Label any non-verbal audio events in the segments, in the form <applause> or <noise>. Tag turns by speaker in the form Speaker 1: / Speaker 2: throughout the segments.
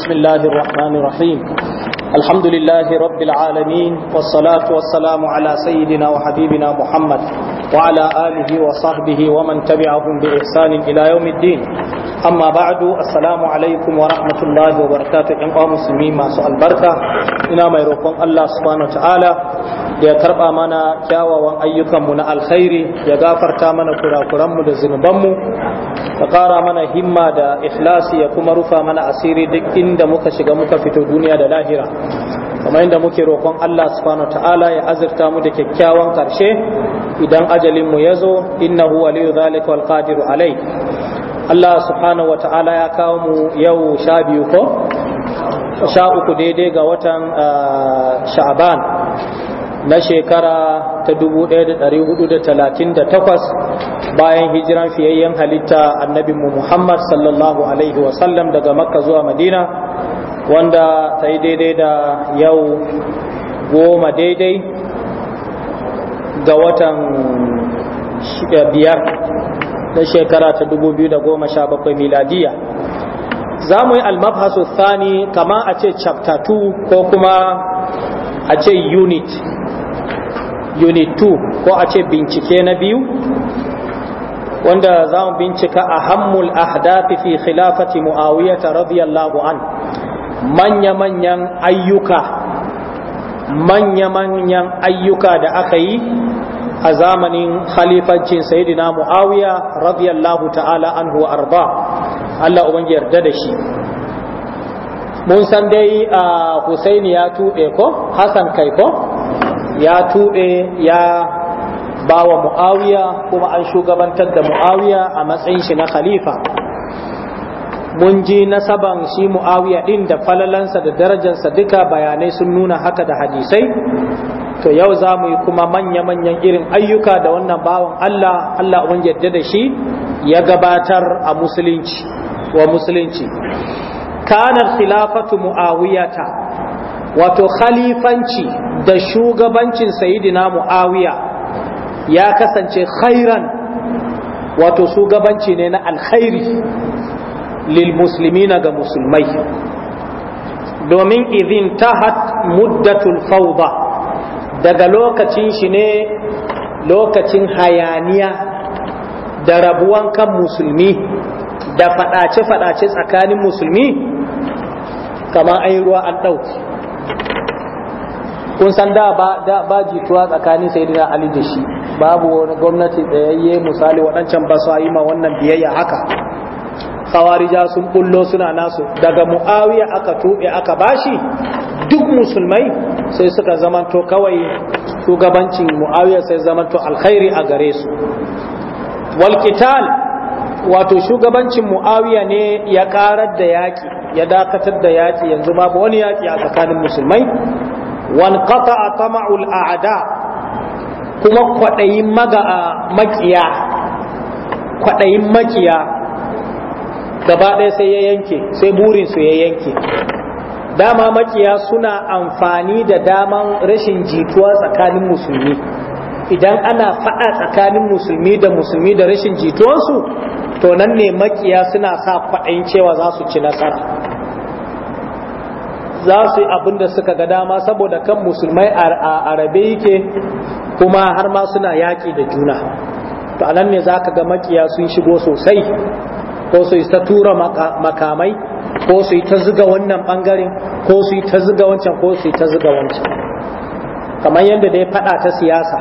Speaker 1: بسم الله الرحمن الرحيم الحمد لله رب العالمين والصلاة والسلام على سيدنا وحبيبنا محمد وعلى آله وصحبه ومن تبعهم بإحسان إلى يوم الدين amma ba'du assalamu alaikum wa rahmatullahi wa barakatuh in uwa musulmi masu albarka ina mai roƙon Allah subhanahu wa ta'ala ya karba mana kyawawan ayyukanmu na alkhairi ya gafarta mana kurakuranmu da zunubanmu ya ƙara mana himma da ikhlasi ya kuma rufa mana asiri duk inda muka shiga muka fito duniya da lahira kamar inda muke roƙon Allah subhanahu wa ta'ala ya azurta mu da kyakkyawan karshe idan ajalin mu ya zo innahu waliyu zalika wal qadiru alai Allah subhanahu wa ta'ala ya kawo mu yau sha biyu ko? sha uku daidai ga watan ah, sha'aban na shekara ta 1438 bayan hijiran fiyayyen halitta annabi Muhammad sallallahu alaihi wasallam daga makka zuwa madina wanda ta yi daidai da yau goma daidai ga watan biyar na shekara ta 2017 miladiya za mu yi almabhasu thani kama a ce chapter 2 ko kuma a ce unit unit 2 ko a ce bincike na biyu wanda za mu bincika ahammul ahdafi fi khilafati muawiyata radiyallahu an manya-manyan ayyuka manya-manyan ayyuka da aka yi a zamanin khalifancin sayyidina muawiya radiyallahu ta'ala anhu arba Allah uban yarda da shi mun san dai a Husaini ya tube ko Hassan kai ko ya tube ya bawa muawiya kuma an shugabantar da muawiya a matsayin shi na khalifa mun ji nasaban shi muawiya din da falalansa da darajarsa duka bayanai sun nuna haka da hadisai to yau za mu yi kuma manya-manyan irin ayyuka da wannan bawan Allah Allah un yadda da shi ya gabatar a musulunci wa musulunci kanar khilafatu mu'awiyata wato khalifanci da shugabancin sayidina mu'awiya ya kasance khairan wato shugabanci ne na alkhairi lil muslimina ga musulmai domin idin tahat muddatul fawda daga lokacin shi ne lokacin hayaniya da rabuwan kan musulmi da faɗace-faɗace tsakanin musulmi kamar an yi ruwa an ɗauki kun san da ba jituwa tsakanin sai da ali da shi babu wani gwamnati tsayayye misali waɗancan ba su yi ma wannan biyayya haka khawarija sun bullo suna nasu daga mu'awiya aka tuɓe aka bashi duk musulmai sai suka zamanto kawai shugabancin mu'awiya sai zamanto alkhairi a gare su walƙital wato shugabancin mu'awiya ne ya ƙarar da yaƙi ya dakatar da yaƙi yanzu ma wani yaƙi a tsakanin musulmai wanqata tama'ul a'da kuma kwaɗayin maga makiya kwaɗayin makiya gaba ɗaya sai ya yanke sai burinsu ya yanke dama makiya suna amfani da daman rashin jituwa tsakanin musulmi idan ana faɗa tsakanin musulmi da musulmi da rashin jituwansu to nan ne makiya suna sa kwaɗayin cewa za su ci nasara za su yi abin da suka ga dama saboda kan musulmai a arabe yake kuma har ma suna yaƙi da juna to anan ne za ka ga makiya sun shigo sosai ko su ta tura makamai ko su yi ta zuga wannan bangaren ko su yi ta zuga wancan ko su yi ta zuga wancan kamar yadda dai fada ta siyasa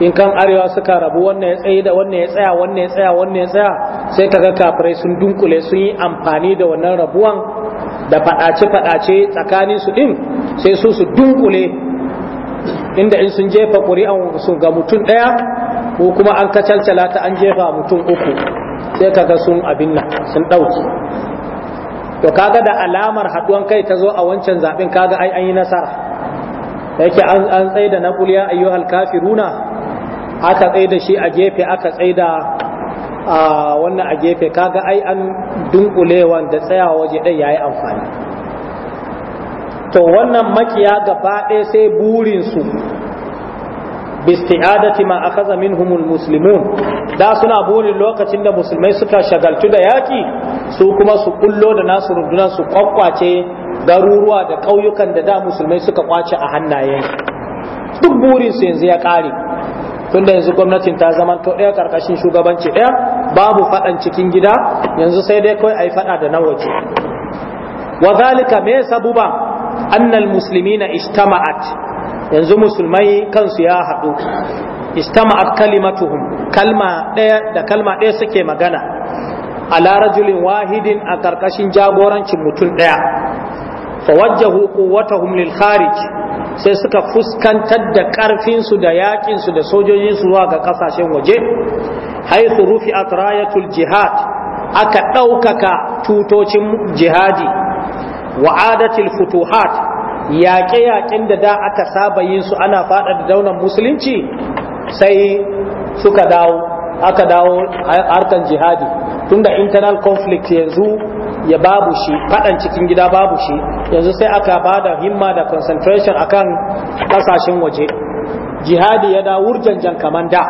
Speaker 1: in kan arewa suka rabu wannan ya tsaye da wannan ya tsaya wannan ya tsaya wannan ya tsaya sai kaga kafirai sun dunkule sun yi amfani da wannan rabuwan da fadace-fadace tsakanin su din sai su su dunkule inda in sun jefa ƙuri'an su ga mutum ɗaya ko kuma an kacalcala ta an jefa mutum uku sai kaga sun abin nan sun ɗauki to kaga da alamar haduwan kai ta zo a wancan zaben kaga ai an yi nasara yake an an tsaye da na kuliya ayyuhal kafiruna aka tsaye da shi a gefe aka tsaye da wannan a gefe kaga ai an dunkulewan da tsayawa waje ya yayi amfani to wannan makiya gaba ɗaya sai burinsu bisti'adati ma akhadha minhumul muslimun da suna burin lokacin da musulmai suka shagaltu da yaki su kuma su kullo da nasu rundunar su kwakwace garuruwa da ƙauyukan da da musulmai suka kwace a hannayen duk burin su yanzu ya ƙare tunda yanzu gwamnatin ta zama to ɗaya karkashin shugabanci ɗaya babu faɗan cikin gida yanzu sai dai kawai ayi faɗa da na waje wa zalika me sabuba annal muslimina ijtama'at yanzu musulmai kansu ya haɗu istama kalimatuhum kalma ɗaya da kalma ɗaya suke magana ala rajulin wahidin a ƙarƙashin jagorancin mutum ɗaya fawajjahu wata lil kharij sai suka fuskantar da ƙarfinsu da yaƙinsu da sojojinsu zuwa ga ƙasashen waje rufi a rayatul jihad aka ɗaukaka tutocin jihadi wa adatil futuhat yaƙe-yaƙen da da aka saba yin su ana faɗa da daular musulunci sai suka dawo aka dawo harkan jihadi tunda internal conflict yanzu ya babu shi faɗan cikin gida babu shi yanzu sai aka ba da himma da concentration akan ƙasashen waje jihadi ya da jan kaman da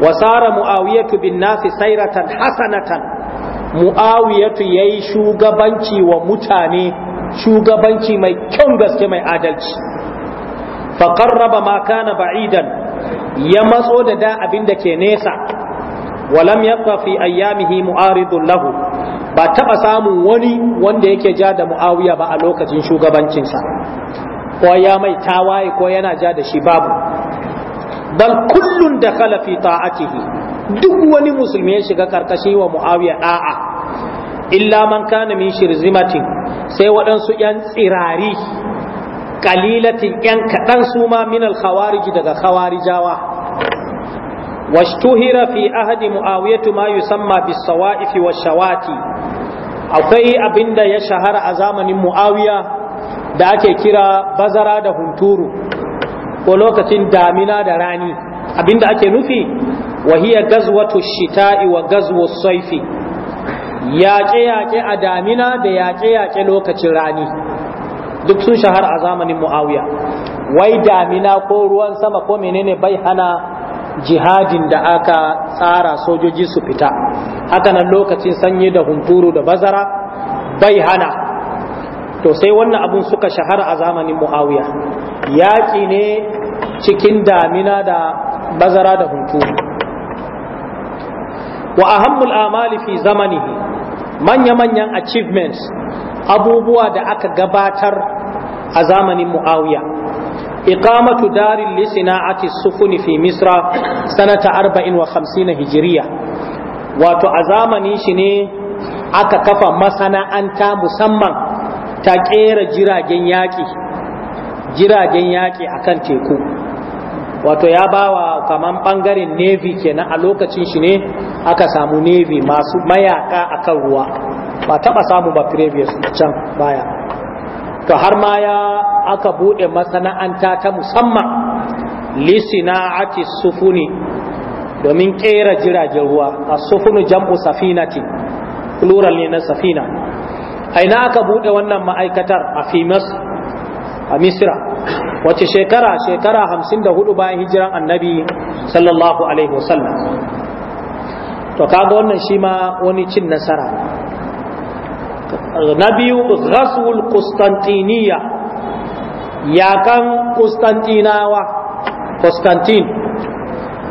Speaker 1: wasara mu'awiyatu bin nafi sairatan hasanatan mu'awiyatu yayi shugabanci wa mutane shugabanci mai kyau gaske mai adalci faƙarraba ma kana ba'idan ya matso da da abin da ke nesa walam yabqa fi ayyamihi mu'aridun lahu ba taɓa samun wani wanda yake ja da mu'awiya ba a lokacin shugabancinsa ko ya mai tawaye ko yana ja da shi babu bal kullun da fi ta'atihi duk wani musulmi ya shiga karkashi wa mu'awiya ɗa'a. illa man kana min shirzimatin sai waɗansu ‘yan tsirari ƙalilatin ‘yan kaɗan su ma minal khawariji daga khawarijawa washtuhira fi ahadi mu'awiyatu ma yusamma bisawa'ifi wa shawati akwai abinda ya shahara a zamanin mu'awiya da ake kira bazara da hunturu ko lokacin damina da rani abinda ake nufi wahiya gazwatu shita'i wa gazwatu saifi yaƙe-yaƙe a damina da yaƙe-yaƙe lokacin rani duk sun shahar a zamanin mu'awiya wai damina ko ruwan sama ko menene bai hana jihadin da aka tsara sojoji su fita Haka nan lokacin sanyi da hunturu da bazara bai hana to sai wannan abun suka shahara a zamanin muawiya yaƙi ne cikin damina da bazara da hunturu wa ahammul amali fi zamanihi manya-manyan achievements abubuwa da aka gabatar a zamanin muawiya iqamatu darin li sina'ati sufuni fi misra sanata 54 hijiriya wato a zamanin shi ne aka kafa masana'anta musamman ta kera jiragen yaƙi jiragen yaƙi akan teku wato ya bawa kaman bangaren navy kenan a lokacin shi ne aka samu navy masu mayaka akan ruwa ba taba samu ba previous can baya to har ma ya aka bude masana'anta ta musamman lisina'ati sufuni domin kera jiragen ruwa a sufunu jam'u safinati plural ne na safina aina aka bude wannan ma'aikatar a fimas a misira wace shekara shekara hamsin da hudu bayan hijiran annabi sallallahu alaihi wasallam to kaga wannan shi ma wani cin nasara na biyu ghaswul qustantiniya yakan qustantinawa qustantin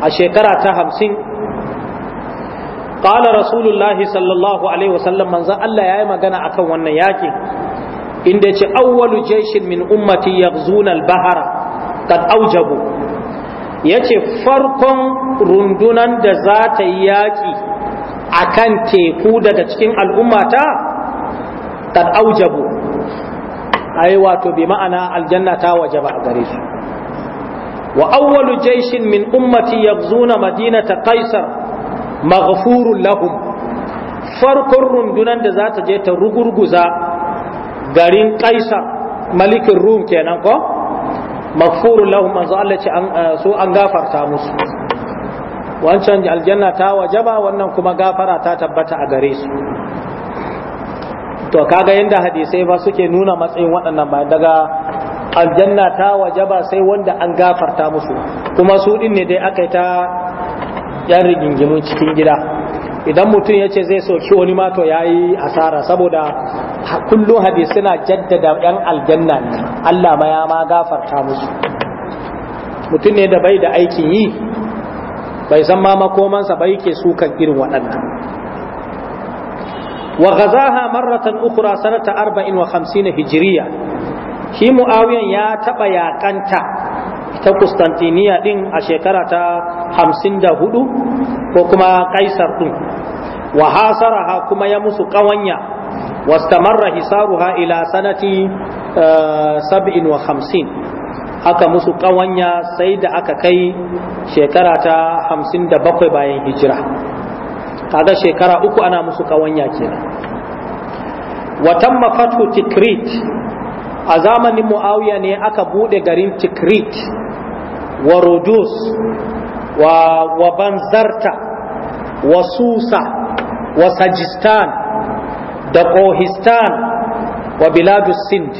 Speaker 1: a shekara ta hamsin قال رسول الله صلى الله عليه وسلم من ذا الله يا magana akan wannan yakin inda yace awwalu jayshin min ummati yaghzuna al-bahara kad aujabu yace farkon rundunan da za ta yi yaki kan teku daga cikin al'ummata kan aujabu ai wato bi ma'ana aljanna ta ba a gare su wa awwalu jayshin min ummati madina ta kaisar maghfurun lahum farkon rundunan da za ta je ta rugurguza garin kaisar malikin rum kenan ko maghfurun lahum manzo Allah ce eh, su an gafarta musu wancan aljanna ta wajaba wannan kuma gafara ta tabbata a gare su to kaga yanda hadisai ba suke nuna matsayin waɗannan ba daga aljanna ta wajaba sai wanda an gafarta musu kuma su din ne dai aka yi ta yan rigingimu cikin gida idan mutum ya ce zai soki wani mato ya yi asara saboda kullum hadis suna jaddada 'yan aljanna ne Allah ma ya ma gafarta musu mutum ne da bai da aikin yi bai san ma makomansa bai ke sukan irin waɗannan wa gazaha marratan ukura sanata arba'in wa hamsin hijiriya shi mu'awiyan ya taɓa yaƙanta ta Kustantiniya ɗin a shekara ta hamsin da hudu ko kuma kaisar ɗin wa hasaraha kuma ya musu ƙawanya wastamarra hisaruha ila sanati eh, sab'in aka musu kawanya sai da aka kai shekara ta hamsin bayan hijira kaga shekara uku ana musu kawanya kenan wa tamma fathu tikrit a zamanin muawiya ne aka bude garin tikrit wa wa banzarta wa susa wa sajistan da kohistan wa biladus sind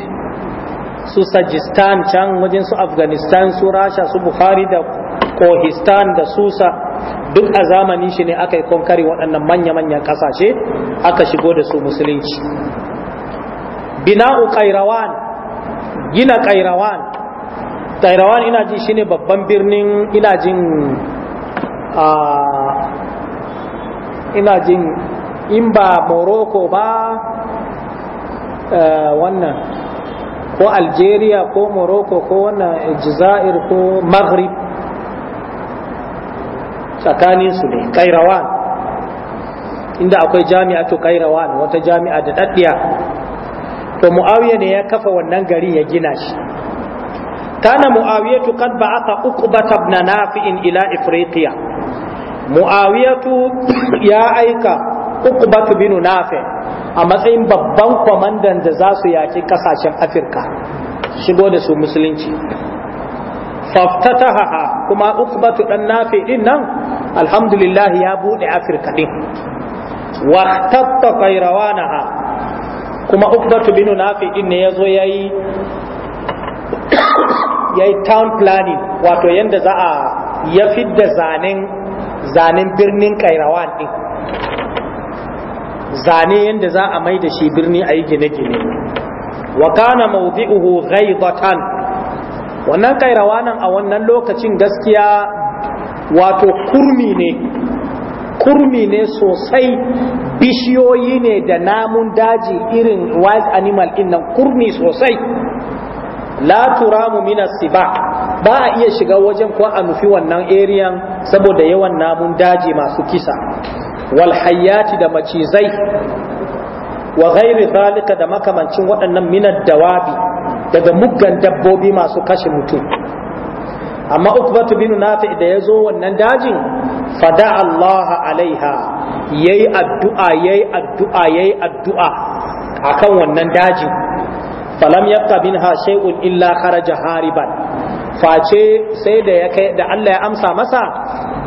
Speaker 1: su sajistan can wajen su afghanistan su rasha su Buhari da kohistan da susa duk a zamani shi ne aka yi konkari waɗannan manya-manyan ƙasashe aka shigo da su musulunci bina'u ƙairawan gina ƙairawan Tairawan ina ji shine babban birnin ina jin a ina jin in ba Morocco ba eh, wannan ko Algeria ko Morocco ko wannan Jazair ko Maghrib tsakanin su ne Kairawan inda akwai jami'a to Kairawan wata jami'a da daddiya to Muawiya ne ya kafa wannan gari ya gina shi kana mu'awiyatu qad ba'atha uqbata nafi'in ila ifriqiya ya aika uqbatu bin nafi a matsayin babban kwamandan da za su yaki ƙasashen afirka shigo da su musulunci faftataha kuma uqbatu dan nafi din nan alhamdulillah ya bude afirka ɗin wa tatta qayrawanaha kuma uqbatu bin nafi din ne yazo yayi Yayi town planning wato yadda za a ya fidda zanen zanen birnin kairawan ɗin zane yadda za a mai da shi birni a yi gine-gine wa kana mawdi'uhu ghaidatan wannan kairawanan a wannan lokacin gaskiya wato kurmi ne kurmi ne sosai bishiyoyi ne da namun daji irin wild animal ɗin nan kurmi sosai la turamu min sibak ba a iya shiga wajen ko a nufi wannan eriyan saboda yawan namun daji masu kisa wal hayati da macizai wa ghairi zalika da makamancin waɗannan minar dawabi daga muggan dabbobi masu kashe mutum amma ukbatu bin nafi da ya zo wannan dajin fada Allah alaiha yayi addu'a yayi addu'a yayi addu'a akan wannan dajin falam yabqa minha shay'un illa kharaja hariban face sai da ya kai da Allah ya amsa masa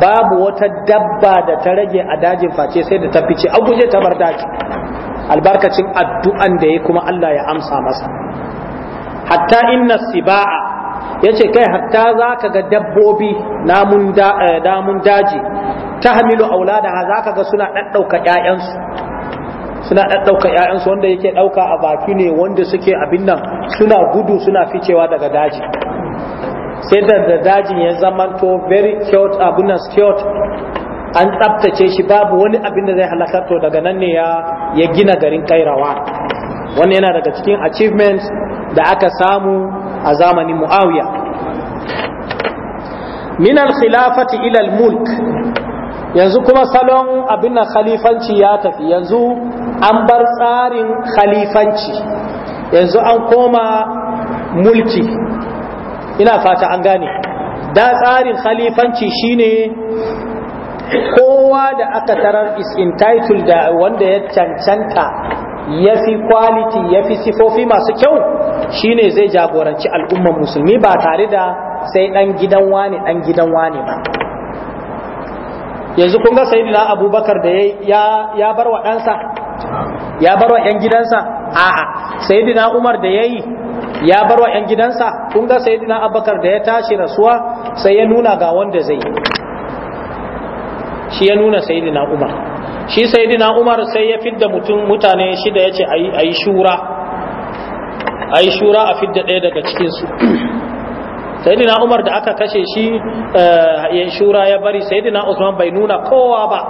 Speaker 1: babu wata dabba da ta rage a dajin face sai da ta fice a guje ta bar daji albarkacin addu'an da ya kuma Allah ya amsa masa hatta inna siba'a yace kai hatta zaka ga dabbobi eh, namun daji ta hamilu aulada zaka ga suna ɗaɗɗauka 'ya'yansu. suna ɗaɗɗauka ‘ya'yansu wanda yake ɗauka a baki ne wanda suke abin nan suna gudu suna ficewa daga daji sai da da dajin ya to very cute abin nan cute an tsabtace shi babu wani abin da zai halakar to daga nan ne ya gina garin kairawa wannan yana daga cikin achievements da aka samu a zamanin muawiya min al-khilafati ila mulk yanzu kuma salon abin khalifanci ya tafi yanzu an bar tsarin khalifanci yanzu an koma mulki ina fata an gane da tsarin khalifanci shine kowa da aka tarar is entitled da wanda ya cancanta ya fi quality ya fi sifofi masu kyau shine zai jagoranci al'ummar musulmi ba tare da sai dan gidan wani dan gidan wani ba yanzu kun ga sayyidina abubakar da ya ya bar wa ɗansa ya bar wa 'yan gidansa a'a sayyidina umar da yayi ya bar wa 'yan gidansa kun ga sayyidina abubakar da ya tashi rasuwa sai ya nuna ga wanda zai shi ya nuna sayyidina umar shi sayyidina umar sai ya fidda mutum mutane shida ya ce ayi shura ayi shura a fidda ɗaya daga cikinsu <clears throat> sayyidina umar da aka kashe shi eh, ya shura ya bari sayyidina usman bai nuna kowa ba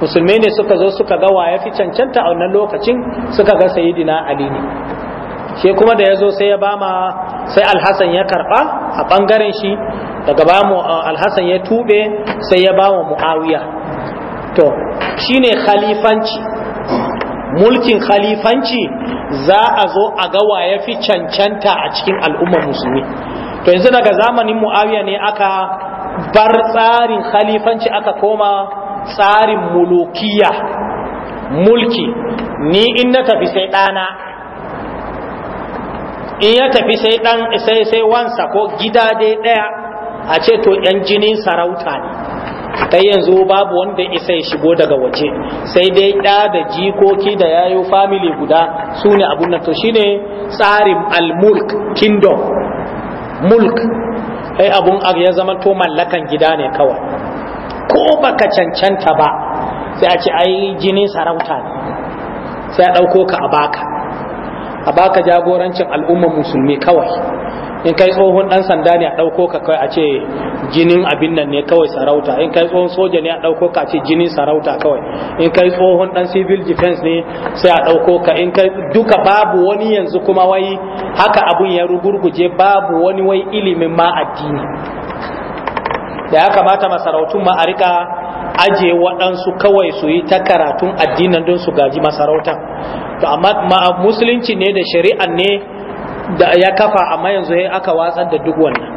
Speaker 1: musulmi ne suka zo suka ga ya fi cancanta a wannan lokacin suka ga sayidina ali ne shi kuma da ya zo sai ya bama sai alhassan ya karba a bangaren shi daga ba mu uh, alhassan ya tube sai ya bama muawiya to shine khalifanci mulkin khalifanci za a zo a ga ya fi cancanta a cikin al'ummar musulmi to yanzu daga zamanin muawiya ne aka bar tsarin khalifanci aka koma tsarin mulukiya mulki ni in na tafi sai ɗana in ya tafi sai ɗan sai sai wansa ko gida dai ɗaya a ce to ‘yan jinin sarauta ne ta yanzu babu wanda isa ya shigo daga waje sai dai ɗa da jikoki da yayo family guda su ne abun nan to ne tsarin al-mulk kingdom mulk Sai abun ya zama to mallakan gida ne kawai ko baka cancanta ba sai a ce ai jinin sarauta ne sai a ɗauko ka a baka a baka jagorancin al'ummar musulmi kawai in kai tsohon ɗan sanda ne a ɗauko ka kai a ce jinin abin nan ne kawai sarauta in kai tsohon soja ne a ɗauko ka a ce jinin sarauta kawai in kai tsohon ɗan civil defense ne sai a ɗauko ka in kai duka babu wani yanzu kuma wai haka abun ya rugurguje babu wani wai ilimin ma addini da ya kamata masarautun ma a rika aje waɗansu kawai su yi ta karatun addinan don su gaji masarauta, to amma musulunci ne da shari'an ne da ya kafa amma yanzu ya aka watsar da duk wannan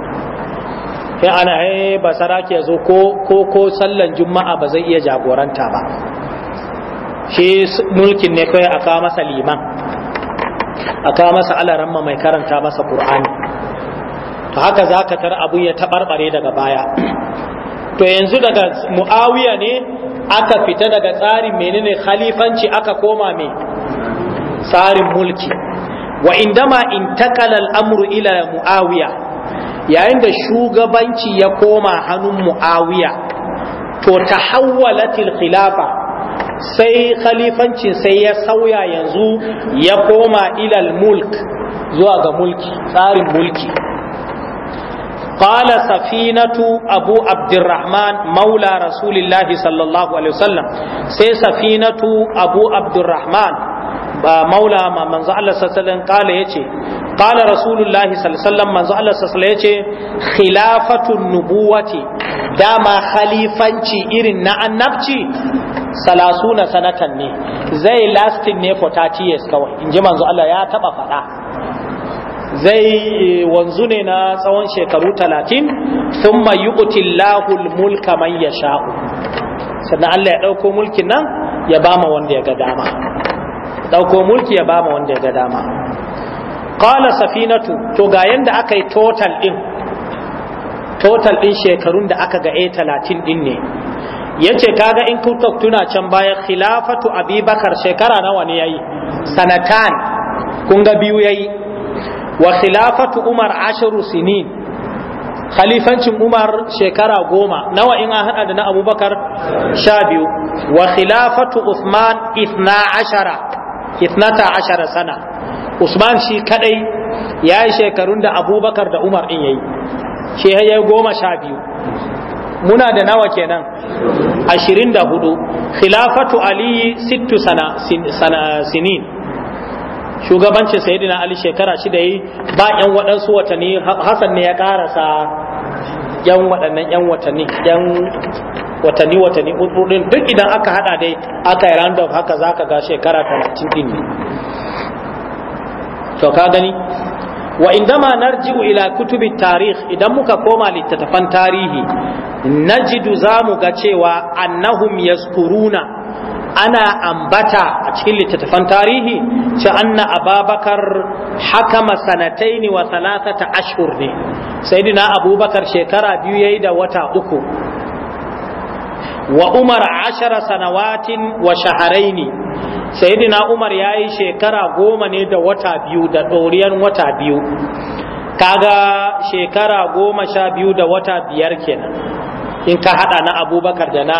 Speaker 1: sai ana ba basara ke zo ko ko ko sallan juma'a ba zai iya jagoranta ba shi mulkin ne kai kawo masa liman kawo masa alaramma mai karanta masa Kur'ani. haka za ka tar abin ya taɓarɓare daga baya to yanzu daga mu'awiya ne aka fita daga tsarin menene khalifanci aka koma me tsarin mulki wa indama intakala amru ila mu'awiya yayin da shugabanci ya koma hannun mu'awiya to ta hawwalatil khilafa sai khalifancin sai ya sauya yanzu ya koma ilal mulk zuwa ga mulki tsarin mulki قال سفينة أبو عبد الرحمن مولى رسول الله صلى الله عليه وسلم سي سفينة أبو عبد الرحمن مولى من زعل الله قال يتي قال رسول الله صلى الله عليه وسلم من زعل الله يتي خلافة النبوة داما خليفانشي إرن نعنبشي salasuna sanatan ne zai lastin ne for 30 years kawai in ji manzo Allah ya taba faɗa zai eh, wanzu ne na tsawon shekaru talatin sun yuqtillahul mulka man sha'u. sannan Allah ya ɗauko mulkin nan ya bama wanda ya ga dama ɗauko mulki ya bama wanda ya ga dama qala safinatu to ga yadda aka yi total din total din shekarun da aka ga a talatin din ne Ya ce kaga in kutok tuna can baya khilafatu abubakar shekara nawa ne ya yi? sanatan kun ga biyu yi? wa khilafatu umar asharu sinin khalifancin umar shekara goma nawa in an hada da na abubakar sha biyu wa khilafatu usman ithna ashara ithnata ashara sana usman shi kadai ya yi shekarun da abubakar da umar in yayi shi ya goma sha biyu muna da nawa kenan ashirin da hudu khilafatu Aliyu sittu sana sinin shugabancin sayyidina ali shekara shida yi ba yan waɗansu watanni hasan ne ya karasa yan waɗannan yan watanni yan watanni watanni ɗin duk idan aka hada dai aka yi random haka zaka ga shekara 30 din ne to ka gani wa indama narji'u ila kutubi tarihi idan muka koma littattafan tarihi najidu zamu ga cewa annahum yaskuruna ana ambata a cikin littattafan tarihi ce anna ababakar hakama sanataini wa salatata ashhur ne sayyidina abubakar shekara biyu yayi da wata uku wa umar ashara sanawatin wa shaharaini sayyidina umar yayi shekara goma ne da wata biyu da ɗoriyan wata biyu kaga shekara goma sha biyu da wata biyar kenan in ka hada na abubakar da na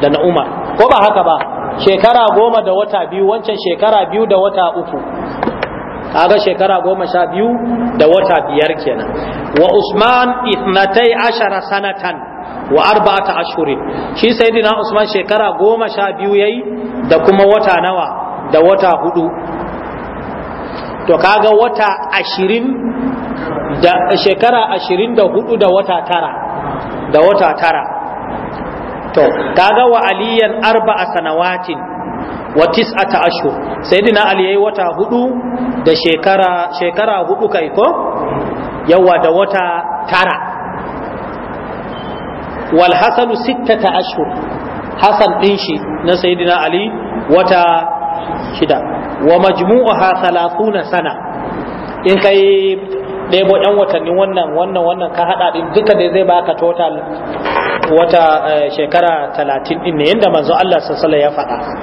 Speaker 1: da na umar ko ba haka ba shekara goma da wata biyu wancan shekara biyu da wata uku kaga shekara goma sha biyu da wata biyar kenan wa usman ithnatai ashara sanatan wa arba'ata ashuri shi sayyidina usman shekara goma sha biyu yayi da kuma wata nawa da wata hudu to kaga wata ashirin da shekara ashirin da hudu da wata tara da wata tara to kaga wa aliyan arba'a sanawatin wa tis'ata ashhur sayyidina ali yayi wata hudu da shekara shekara hudu kai ko yawa da wata tara wal hasanu sittata ashhur hasan din shi na sayyidina ali wata shida wa majmu'uha thalathuna sana in kai bo ɗan watanni wannan wannan wannan ka haɗa ɗin duka da zai baka total wata eh, shekara talatin din ne yadda manzo Allah sassala ya faɗa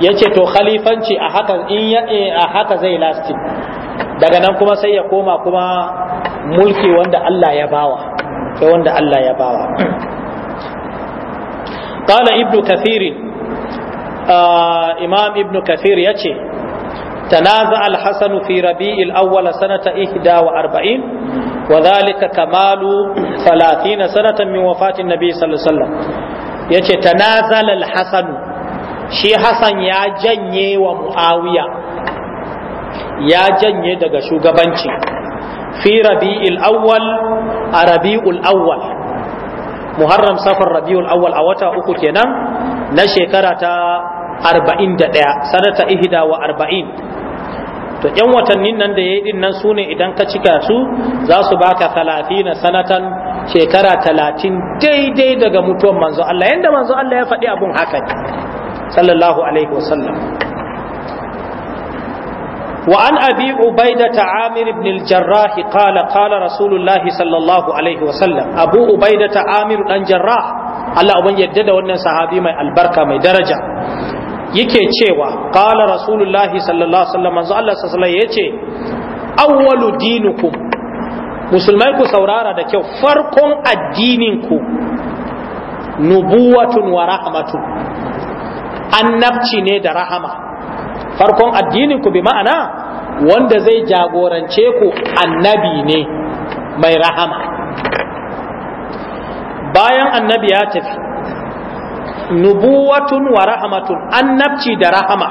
Speaker 1: ya ce to khalifanci a haka in ya eh, a haka zai lasti daga nan kuma sai ya koma kuma mulki wanda Allah ya bawa sai wanda Allah ya bawa <clears throat> qala ibnu kathir eh, imam ibnu kathir yace tanaza al-hasan fi rabi'il awwal sanata 41 وذلك كمال ثلاثين سنة من وفاة النبي صلى الله عليه وسلم يتي تنازل الحسن شي حسن يا جني ومعاوية يا جني دقا شوغبانشي في ربيع الأول ربيع الأول محرم سفر ربيع الأول أوتا أكو كينا نشي كرة أربعين دقا سنة إهدا وأربعين to yan watannin nan da ya yi din nan su ne idan ka cika su za su baka talatina sanatan shekara talatin daidai daga mutuwan manzo Allah yadda manzo Allah ya faɗi abun haka ne. sallallahu alaihi wasallam وعن أبي عبيدة عامر بن الجراح قال قال رسول الله Sallallahu alaihi عليه وسلم أبو عبيدة عامر بن الجراح Allah uban yadda da wannan sahabi mai albarka mai daraja yake cewa qala rasulullahi sallallahu alaihi wasallam Allah sallallahu alaihi yace awwalu dinukum musulmai ku saurara da kyau farkon addinin ku nubuwatun wa rahmatun annabci ne da rahama farkon addinin ku bi ma'ana wanda zai jagorance ku annabi ne mai rahama bayan annabi ya tafi nubuwatun wa rahamatun annabci da rahama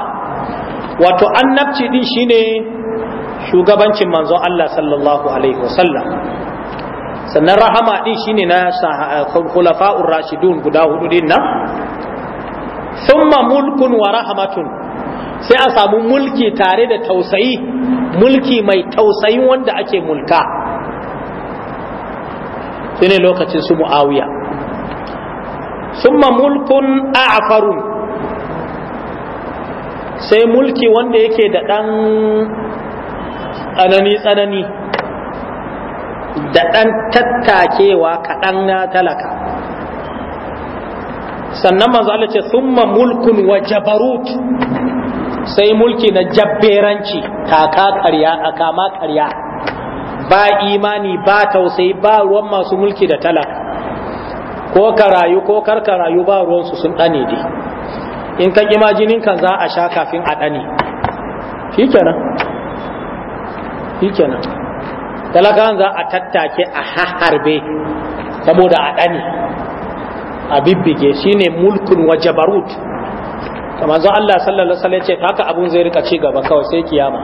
Speaker 1: wato annabci din shine shugabancin manzon Allah sallallahu alaihi wasallam sannan rahama din shine na khulafa'ur rashidun guda hudu din nan thumma mulkun wa rahamatun sai a samu mulki tare da tausayi mulki mai tausayin wanda ake mulka shine lokacin su muawiya summa mulkun a'farun sai mulki wanda yake da ɗan tsanani-tsanani da ɗan tattakewa kaɗan na talaka sannan manzo Allah ce summa mulkun wa jabarut sai mulki na jabberanci kaka karya a kama ƙarya, ba imani ba tausayi ba ruwan masu mulki da talaka ko ka rayu ko kar ka rayu ba ruwansu sun ɗane dai in ka ƙi jinin ka za a sha kafin a ɗane shi kenan shi kenan talakawan za a tattake a harbe saboda a ɗane a bibbige shine mulkun wa jabarut kamar zan Allah sallallahu alaihi ce haka abun zai rika ci gaba kawai sai kiyama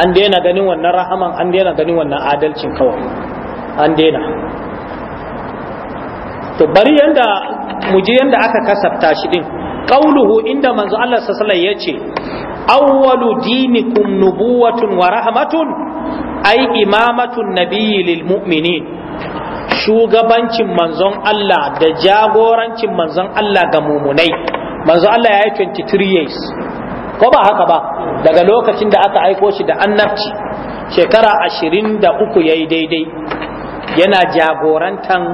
Speaker 1: an daina ganin wannan rahaman an daina ganin wannan adalcin kawai an daina to bari yanda mu ji yanda aka kasafta shi din qauluhu inda manzo Allah sallallahu alaihi yace awwalu dinikum nubuwatun wa rahmatun ai imamatun nabiyyi lil mu'minin shugabancin manzon Allah da jagorancin manzon Allah ga mumunai manzo Allah ya yi 23 years ko ba haka ba daga lokacin da aka aiko shi da annabci shekara 23 yayi daidai yana jagorantan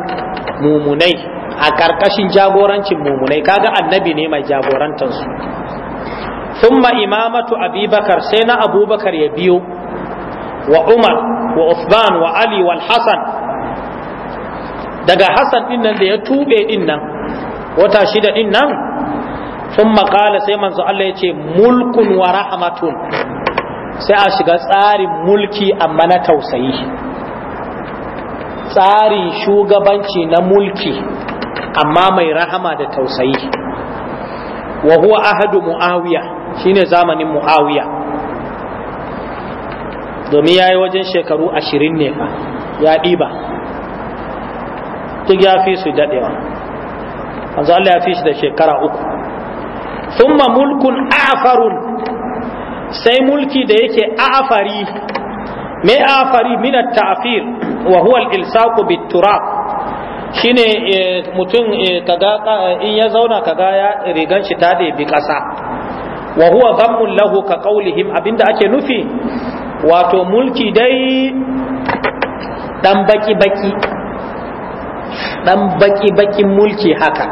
Speaker 1: mumunai a ƙarƙashin jagorancin mumunai kaga annabi ne mai jagorantansu? Fumma thumma imamatu abubakar sai na abubakar ya biyo wa umar wa uthman wa ali wal hasan daga hasan din nan da ya tube din nan wata shida din nan thumma qala sai manzo Allah ya ce mulkun wa rahmatun sai a shiga tsarin mulki amma na tausayi tsarin shugabanci na mulki amma mai rahama da tausayi wa huwa ahadu muawiya shine zamanin muawiya domin ya yi wajen shekaru ashirin ne fa ya ɗiba duk ya fi su daɗewa wanzu Allah ya fi shi da shekara uku thumma mulkun a'farun sai mulki da yake a'fari me afari min at-ta'khir wa huwa shine eh, mutum eh, kaga in ya zauna kaga ya rigan shi ta da bi kasa wa huwa dhammun lahu ka qawlihim abinda ake nufi wato mulki dai dan baki baki dan baki mulki haka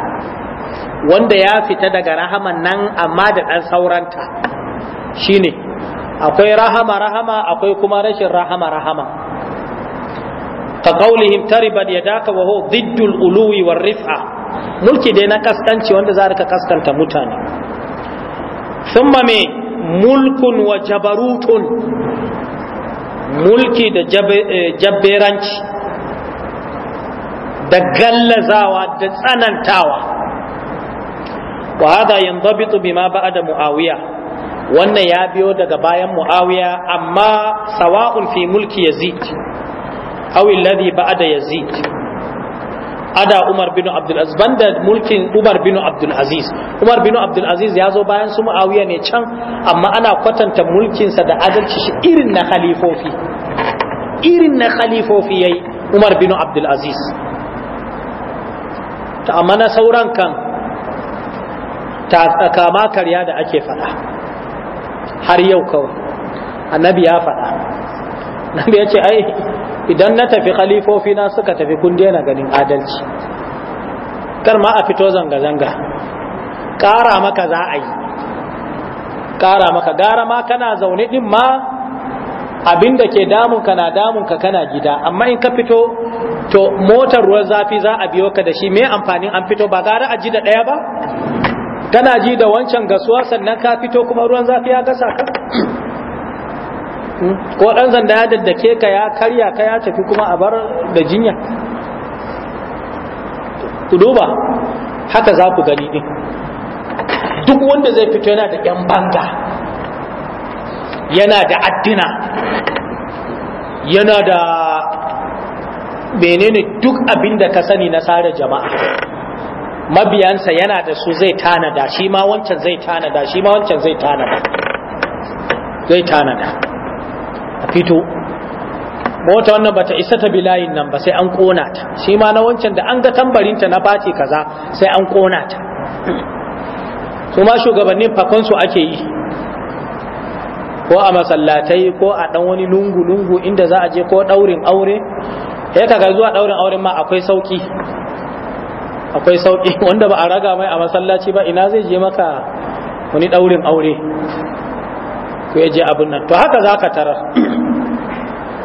Speaker 1: wanda ya fita daga rahaman nan amma da dan sauranta shine akwai rahama rahama akwai kuma rashin rahama rahama ka qaulihim tariban yadaka wa huwa diddul uluwi war rif'a mulki dai na kaskanci wanda za ka kaskanta mutane thumma me mulkun wa jabarutun mulki da eh, jabberanci da gallazawa da tsanantawa wa hada yanzabitu bima ba'da muawiya wannan ya biyo daga bayan muawiya amma sawa'un fi mulki yazid aw alladhi ba'da yazid ada umar bin abdul aziz banda mulkin umar bin abdul aziz umar bin abdul aziz ya zo bayan su muawiya ne can amma ana kwatanta mulkinsa da adalci shi irin na khalifofi irin na khalifofi yayi umar bin abdul aziz ta amma na sauran kan ta kama karya da ake faɗa har yau kawai annabi ya faɗa annabi ya ce ai idan na tafi khalifofi na suka tafi kun daina ganin adalci kar ma a fito zanga-zanga ƙara maka za a yi ƙara maka gara ma kana zaune ɗin ma abinda da ke damunka na damunka kana gida amma in ka fito to motar ruwan zafi za a biyo ka da shi mai amfanin an fito ba gara a ji da ɗaya ba kana ji da wancan gasuwa sannan ka fito kuma ruwan zafi ya gasa ka hmm? ko ɗan zanda ya daddake ka ya karya ka ya tafi kuma a bar da jinya ku duba haka za ku gani ɗin duk wanda zai fito yana da ‘yan banga yana da addina yana da menene duk abin da ka sani na sare jama'a mabiyansa yana da su zai tanada shi ma wancan zai tanada shi ma wancan zai tanada zai tanada a fito mota wannan bata isa ta bilayin nan ba sai an kona ta shi ma na wancan da an ga tambarinta na bati kaza sai an kona ta su ma shugabannin fakonsu ake yi ko a masallatai ko a dan wani lungu-lungu inda za a je ko daurin aure ya kaga zuwa daurin auren ma akwai sauki akwai sauki <laughs> wanda ba a raga mai a masallaci ba ina zai je maka wani daurin aure ko ya je abin nan to haka zaka tarar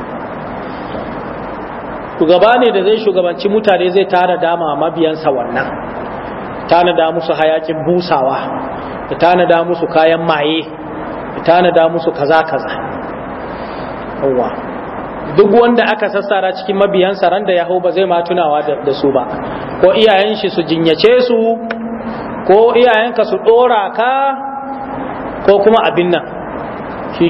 Speaker 1: <clears throat> shugaba ne da zai shugabanci mutane zai tara dama mabiyansa wannan tanada musu hayakin busawa da tanada musu kayan maye da tanada musu kaza kaza yawa duk wanda aka sassara cikin mabiyansa ran da ya ba zai ma tunawa da su ba ko iyayen shi su jinyace su ko iyayenka su dora ka ko kuma abin nan shi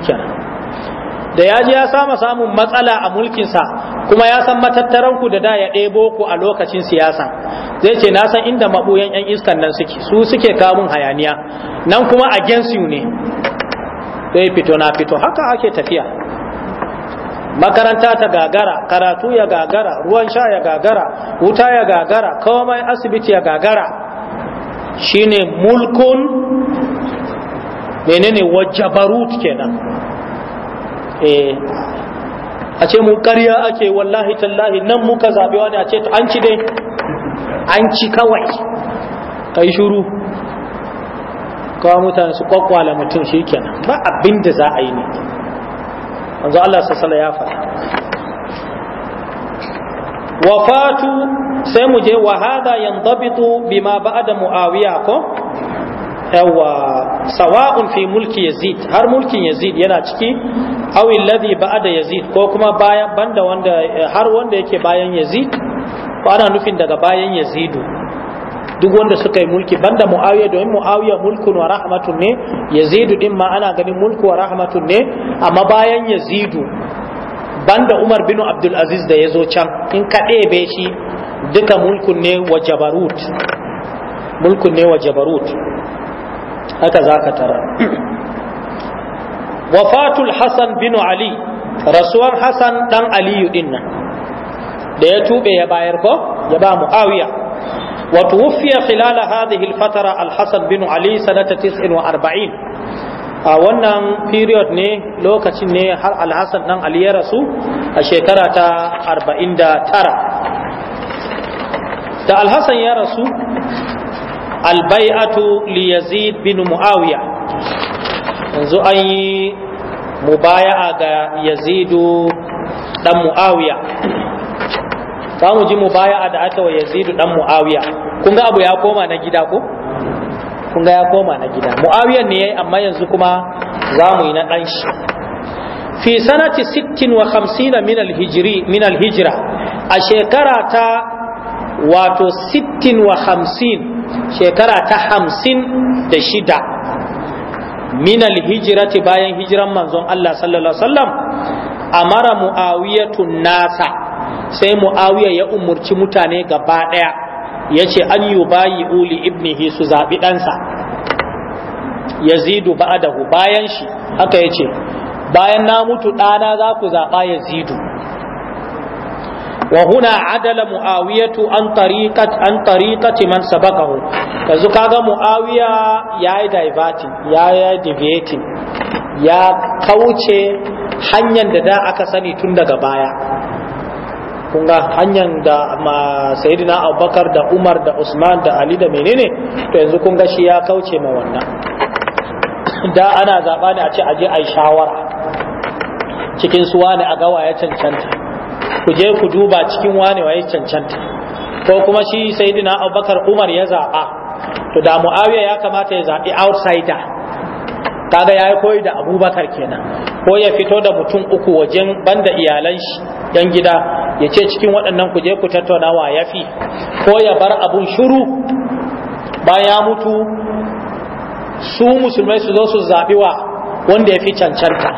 Speaker 1: da ya ji ya sama samun matsala a mulkin sa kuma ya san matattaran ku da da ya ɗebo ku a lokacin siyasa zai ce na san inda maɓoyan 'yan iskan nan suke su suke kamun hayaniya nan kuma against you ne zai fito na fito haka ake tafiya makaranta ta gagara karatu ya gagara ruwan sha ya gagara wuta ya gagara komai asibiti ya gagara shine mulkun menene wajabarut kenan eh a ce mu ƙarya ake wallahi tallahi nan muka zabe wani a ce to an ci dai an ci kawai kai shuru ka mutane su kwakwala mutum shi kenan ba abinda da za a yi ne manzo Allah sassala ya faɗa wafatu sai mu je wa hada yandabitu bima ba'da muawiya ko yawa sawa'un fi mulki yazid har mulkin yazid yana ciki aw alladhi ba'da yazid ko kuma bayan banda wanda har wanda yake bayan yazid ko ana nufin daga bayan yazidu duk wanda suka yi mulki banda muawiya domin muawiya mulkun wa rahmatun ne yazidu din ma ana ganin mulku wa rahmatun ne amma bayan yazidu banda umar bin abdul aziz da ya zo can in kaɗe ɗebe shi duka mulkun ne wa jabarut mulkun ne wa jabarut haka ka tara <clears throat> wafatul Hassan bin ali rasuwan Hassan dan aliyu dinnan da ya tube ya bayar ko ya ba muawiya وتوفي خلال هذه الفترة الحسن بن علي سنة 49 wannan period ne lokacin ne har alhassan ɗan ali ya rasu a shekara ta 49 da alhassan ya rasu albai'atu li yazid bin muawiya yanzu an yi mubaya'a ga yazidu dan muawiya za mu ji mu baya da aka wa yazidu dan muawiya kun ga abu ya koma na gida ko kun ga ya koma na gida muawiyan ne yayi amma yanzu kuma za mu yi na dan shi fi sanati 56 min al-hijri min al-hijra a shekara ta wato 56 shekara ta 50 da shida min al-hijrati bayan hijiran manzon Allah sallallahu alaihi wasallam amara muawiyatun nasa sai mu'awiyar ya umarci mutane gaba daya yace an bayi uli ibnihi su zabi ɗansa yazidu ba'dahu bayan shi haka yace bayan na mutu ɗana za ku zaɓa yazidu wa huna adala mu'awiyatu an tariqat an tariqati man sabaqahu yanzu kaga mu'awiya yayi diverting yayi deviating ya kauce hanyar da da aka sani tun daga baya kun hanyar da ma sayyidina abubakar da umar da usman da ali da menene to yanzu kun ga shi ya kauce ma wannan da ana zaɓa ne a ce aje a yi shawara cikin su wane a gawa ya cancanta ku je ku duba cikin wane wa cancanta ko kuma shi sayyidina abubakar umar ya zaɓa to da muawiya ya kamata ya zaɓi outsider kaga yayi koyi da abubakar kenan ko ya fito da mutum uku wajen banda iyalan shi yan gida ya ce cikin waɗannan ku je ku tattauna wa yafi ko ya bar abun shiru bayan ya mutu su musulmai su zo su zaɓi wa wanda ya fi cancanta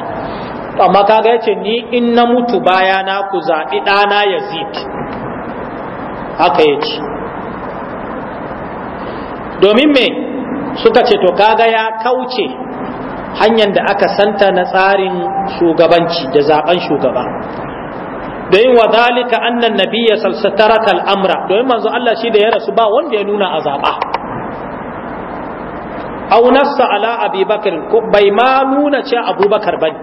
Speaker 1: amma kaga ya ce ni in na mutu baya na ku zaɓi ɗana yazid haka ya ce domin me suka ce to kaga ya kauce hanyar da aka santa na tsarin shugabanci da zaben shugaba da yin wa zalika annan nabiyya salsataraka al'amra domin manzo Allah shi da ya rasu ba wanda ya nuna a zaɓa
Speaker 2: au ala
Speaker 1: abubakar bai ma nuna ce abubakar bane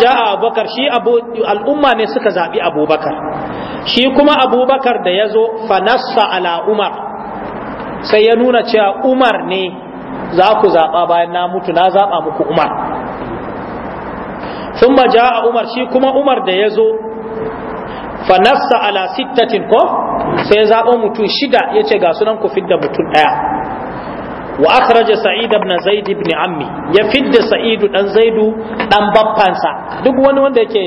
Speaker 1: ja a abubakar shi al'umma ne suka zaɓi abubakar shi kuma abubakar da ya zo fa ala umar sai ya nuna cewa umar ne za ku zaɓa bayan na mutu na zaɓa muku umar sun ja a umar shi kuma umar da ya zo fanassa ala sittatin ko sai zaɓo mutum shida yace ce ga sunan ku fidda mutum ɗaya wa akhraja sa'id ibn zaid ibn ammi ya fidda sa'idu dan zaidu dan baffansa duk wani wanda yake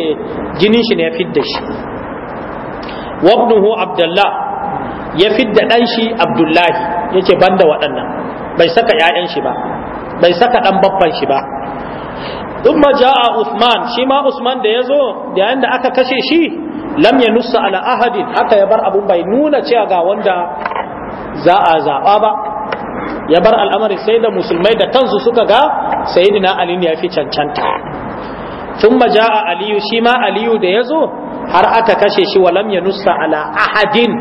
Speaker 1: jinin shi ne ya fidda shi wabnuhu abdullah ya fidda dan shi abdullahi yake banda waɗannan bai saka ƴaƴan shi ba bai saka dan babban shi ba ja jaa Usman, shi ma Usman da yazo da yayin da aka kashe shi lam nusa ala ahadin haka ya bar abun bai nuna cewa ga wanda za a zaba ba ya bar al'amari sai da musulmai da kansu suka ga sayyidina Ali ne ya fi cancanta thumma jaa Aliyu shi ma Aliyu da yazo har aka kashe shi ya nusa ala ahadin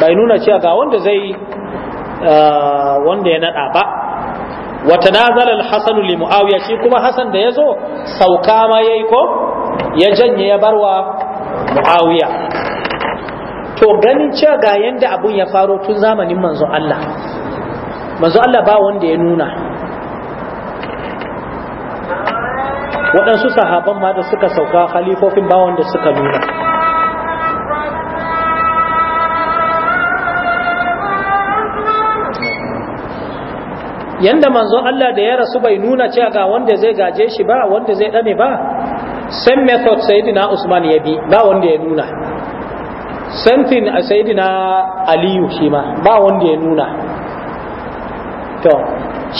Speaker 1: bai nuna cewa ga wanda zai Eh, wanda ya naɗa ba wa tanazala hasan li muawiya shi kuma hasan da ya zo sauka ma yayi ko ya janye ya barwa muawiya to ganin cewa ga yanda abun ya faro tun zamanin manzo Allah manzo Allah ba wanda ya nuna waɗansu sahaban ma da suka sauka halifofin ba wanda suka nuna yanda manzon Allah da ya rasu bai nuna cewa ga wanda zai gaje shi ba wanda zai dame ba same method sayyidina Usman ya bi ba wanda ya nuna something a uh, sayyidina Aliyu shi ma ba wanda ya nuna to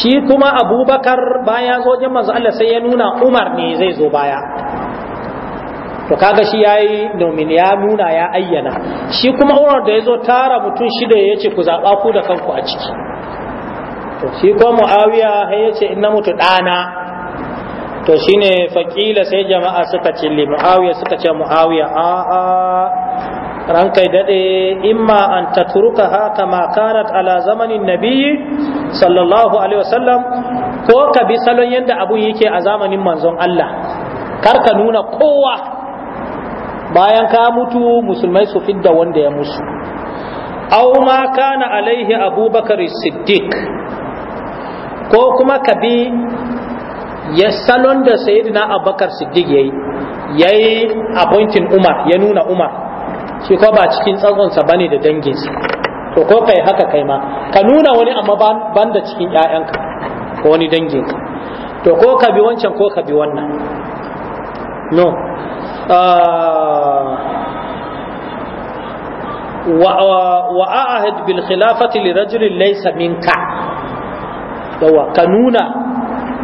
Speaker 1: shi kuma Abubakar baya zo wajen manzon Allah sai ya nuna Umar ne zai zo baya to kaga shi yayi domin ya nuna ya ayyana shi kuma Umar da ya zo tara mutum shida ya ce ku zaba ku da kanku a ciki shi ko mu'awiya sai ya ce inna mutu ɗana to shine faƙila sai jama'a suka ce mu'awiya suka ce mu'awiya a a rankai daɗe imma an tatruka haka ma kanat ala zamanin nabiyyi sallallahu alaihi wasallam ko ka bi salon yadda abun yake a zamanin manzon Allah kar ka nuna kowa bayan ka mutu musulmai su fidda wanda ya musu aw ma kana alaihi abubakar siddiq ko kuma ka bi ya salon da sayyidina abubakar siddiq yayi yayi appointing umar ya nuna umar shi ko ba cikin tsagonsa bane da danginsa to ko kai haka kai ma ka nuna wani amma ban da cikin ƴaƴanka ko wani danginka to ko ka bi wancan ko ka bi wannan no ah, wa a'ahid bil khilafati li rajulin laysa minka yawa ka nuna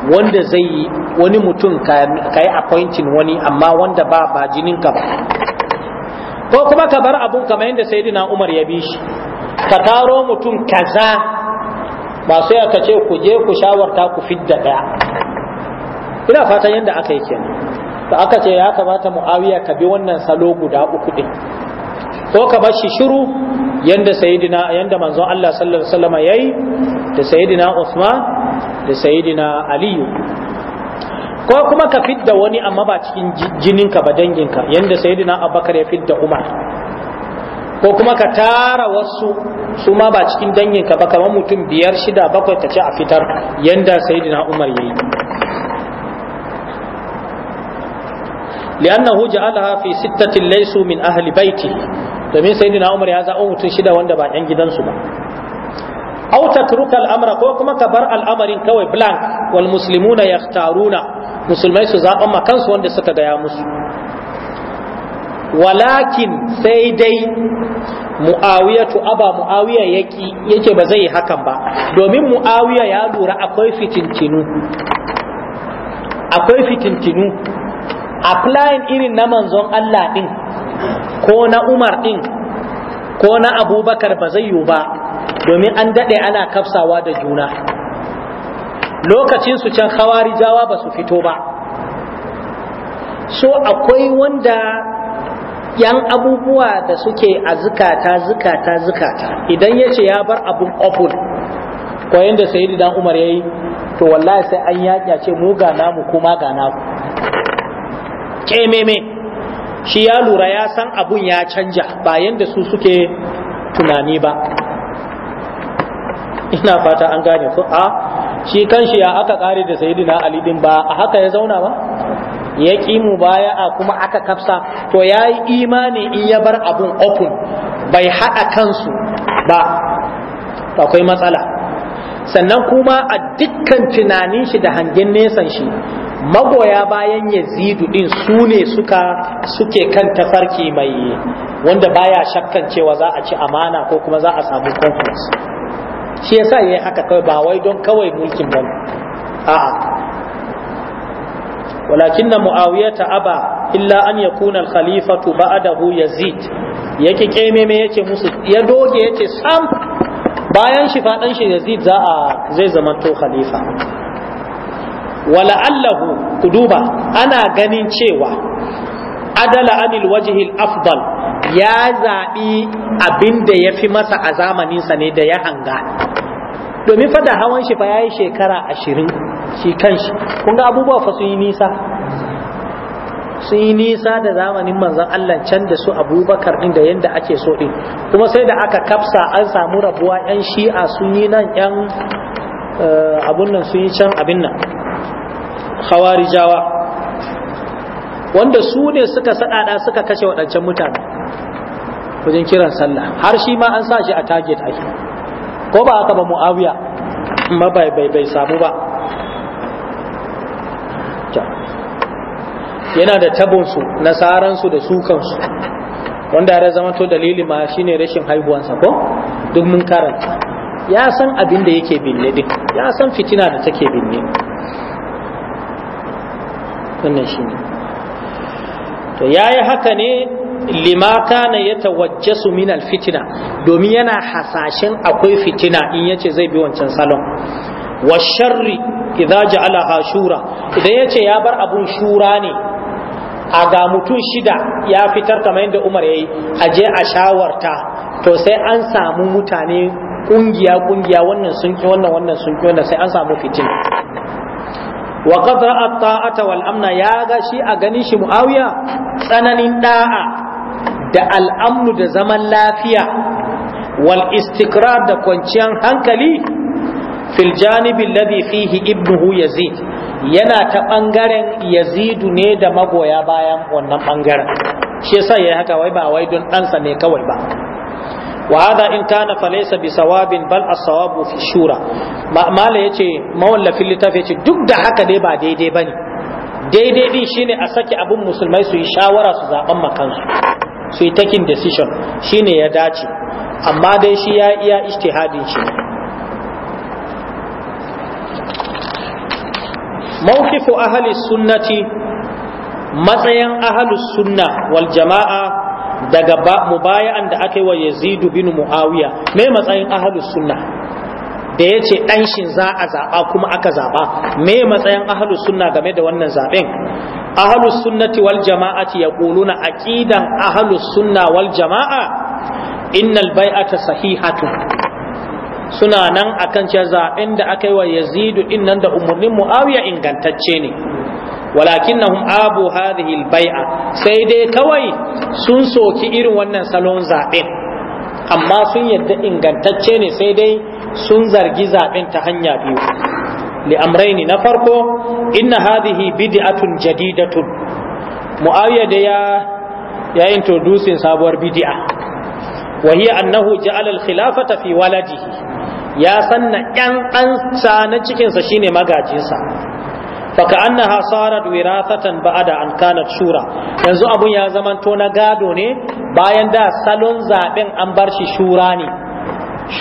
Speaker 1: wanda zai yi wani mutum ka yi appointing wani amma wanda ba ba ka ba ko kuma ka bar abun kamar yadda saidina Umar ya bi shi ka taro mutum kaza ba sai aka ce ku je ku shawarta ku fidda daya ina fatan yadda aka yi kenan to aka ce ya kamata Muawiya ka bi wannan salo guda uku din ko ka bar shi shiru yanda sayyidina yadda manzon Allah sallallahu alaihi wasallam yayi da sayidina Usman da sayidina Aliyu ko kuma ka fidda wani amma ba cikin jininka ba danginka yanda sayidina Abubakar ya fidda Umar ko kuma ka tara wasu su ma ba cikin danginka ba kamar mutum biyar shida bakwai ka ce a fitar yanda sayidina Umar yayi لأنه جعلها في ستة ليسوا من ahli بيته domin sai umar ya zaɓo mutum shida wanda ba 'yan gidansu ba aw tatruka al'amra ko kuma ka bar al'amarin kawai blank wal muslimuna yakhtaruna musulmai su zaɓan ma kansu wanda suka gaya musu walakin sai dai mu'awiyatu aba mu'awiya yaki yake ba zai yi hakan ba domin mu'awiya ya lura akwai fitintinu akwai fitintinu applying irin na manzon Allah din ko na Umar din ko na Abubakar ba zai yiwu ba domin an daɗe ana kafsawa da juna lokacin su can jawa ba su fito ba so akwai wanda yan abubuwa da suke a zukata zukata zukata idan ya ce ya bar abun oful ko yadda sayidu dan umar ya yi to wallahi sai an yaƙi ce mu ga namu kuma ga ku. ke meme shi ya lura ya san abun ya canja bayan da su suke tunani ba ina fata an gane ko a shi kanshi ya aka kare da sayyidina ali din ba a haka ya zauna ba ya ki mu baya a kuma aka kafsa to yayi imani in ya bar abun open bai hada kansu ba akwai matsala sannan kuma a dukkan tunanin shi da hangen nesan shi magoya bayan yazidu din sune ne suka suke kan tafarki mai wanda baya shakkan cewa za a ci amana ko kuma za a samu confidence shi ya yasa yi haka kawai ba wai don kawai mulkin ba. a'a walakin mu'awiyar ta aba illa an yakuna kunan khalifatu ba'dahu yazid yake keme ya yace musu ya doge ya ce sam bayan shi fadan shi yazid za a zai zama to khalifa wala ku kuduba ana ganin cewa adala anil wajihil afdal ya zaɓi abinda da ya fi masa a zamaninsa ne da ya hanga domin fada hawan shi fa ya yi shekara ashirin shi kanshi kun ga abubuwa fa sun yi nisa sun yi nisa da zamanin manzon Allah can da su abubakar ɗin da yadda ake so din kuma sai da aka kafsa an samu rabuwa yan shi'a sun yi nan yan eh, abun nan sun yi can abin nan khawarijawa wanda su ne suka sadada suka kashe waɗancan mutane wajen kiran sallah har shi ma an sa shi a target ake ko ba haka ba mu'awiya ma bai bai bai samu ba yana da tabonsu nasaransu da sukansu wanda ya zama to dalili ma shine rashin haihuwansa ko duk mun karanta ya san abin da yake binne din ya san fitina da take binne wannan shine to yi haka ne lima kana ya su min fitina domin yana hasashen akwai fitina in yace zai bi wancan salon wa sharri idza ja'ala shura idan yace ya bar abun shura ne a ga mutum shida ya fitar kamar yadda Umar yayi aje a shawarta to sai an samu mutane kungiya kungiya wannan sun wannan wannan sun wannan sai an samu fitina wa qad ra'a ta'ata wal amna ya ga shi a ganin shi muawiya tsananin da'a da al'amnu da zaman lafiya wal istikrar da kwanciyar hankali fil janibi alladhi fihi ibnuhu yazid yana ta bangaren yazidu ne da magoya bayan wannan bangaren shi yasa yayi haka wai ba wai don ɗansa ne kawai ba wa hada in kana falaysa bi sawabin bal as-sawabu fi shura mala yace mawallafin littafi yace duk da haka dai ba daidai ba ne. daidai din shine a sake abun musulmai suyi shawara su zaben makansu su yi taking decision shine ya dace amma dai shi ya iya ijtihadin shi mawqifu ahli sunnati matsayin ahlus sunna waljama'a. daga mubaya'an da aka yi wa yazidu bin muawiya me matsayin ahlus sunna da yace ce ɗanshin za a zaɓa kuma aka zaɓa me matsayin ahlus sunna game da wannan zaɓen ahlus sunnati wal jama'ati ya ƙuluna aƙidan ahlus sunna wal jama'a innal bai'ata sahihatu suna nan akan cewa zaɓen da aka yi wa yazidu innan da umarnin muawiya ingantacce ne walakinnahum abu hadhihi bai'a sai dai kawai sun soki irin wannan salon zaɓen amma sun yadda ingantacce ne sai dai sun zargi zaɓen ta hanya biyu li'amraini na farko inna hadhihi bid'atun jadidatun muawiya da ya ya introducing sabuwar bid'a wa hiya annahu ja'ala al-khilafata fi waladihi ya sanna yan ɗansa na cikinsa shine magajinsa faka annaha sarat wirathatan ba'da an kanat shura yanzu abun ya zamanto na gado ne bayan da salon zaben an bar shi shura ne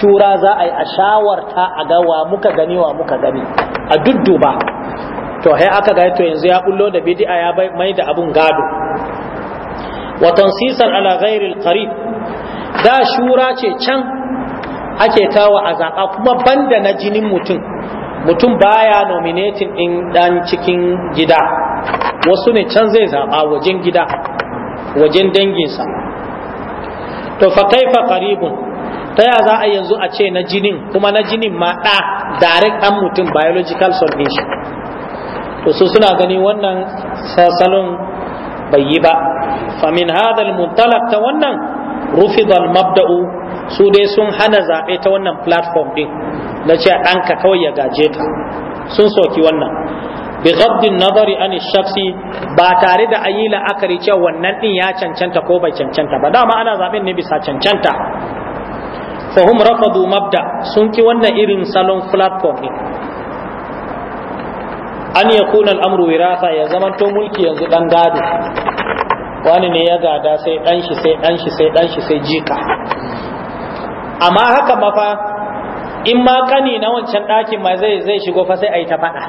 Speaker 1: shura za a yi a shawarta a ga wa muka gani wa muka gani a dudduba to hai aka ga to yanzu ya bullo da bid'a ya mai da abun gado wa tansisan ala ghairil qarib da shura ce can ake tawa a zaka kuma banda na jinin mutum mutum baya nominating ɗin dan cikin gida wasu ne can zai zaɓa wajen gida wajen danginsa to fa kaifa qaribun ta ya za a yanzu a ce na jinin kuma na jinin ma ɗa direct ɗan mutum biological solution. to su suna gani wannan sasalon bai yi ba famin hadal muntalak ta wannan rufidal mabda'u su dai sun hana zaɓe ta wannan platform ɗin na ce ɗanka kawai ya gaje ta sun soki wannan bi gaddin nazari an shakhsi ba tare da ayi la'akari cewa wannan din ya cancanta ko bai cancanta ba dama ana zaben ne bisa cancanta fa hum rafadu mabda sun ki wannan irin salon platform din an yakuna al-amru wirasa ya to mulki yanzu dan gado wani ne ya gada sai dan shi sai dan shi sai dan shi sai jika amma haka ma fa in ma kani na wancan ɗakin ma zai zai shigo fa sai a yi ta faɗa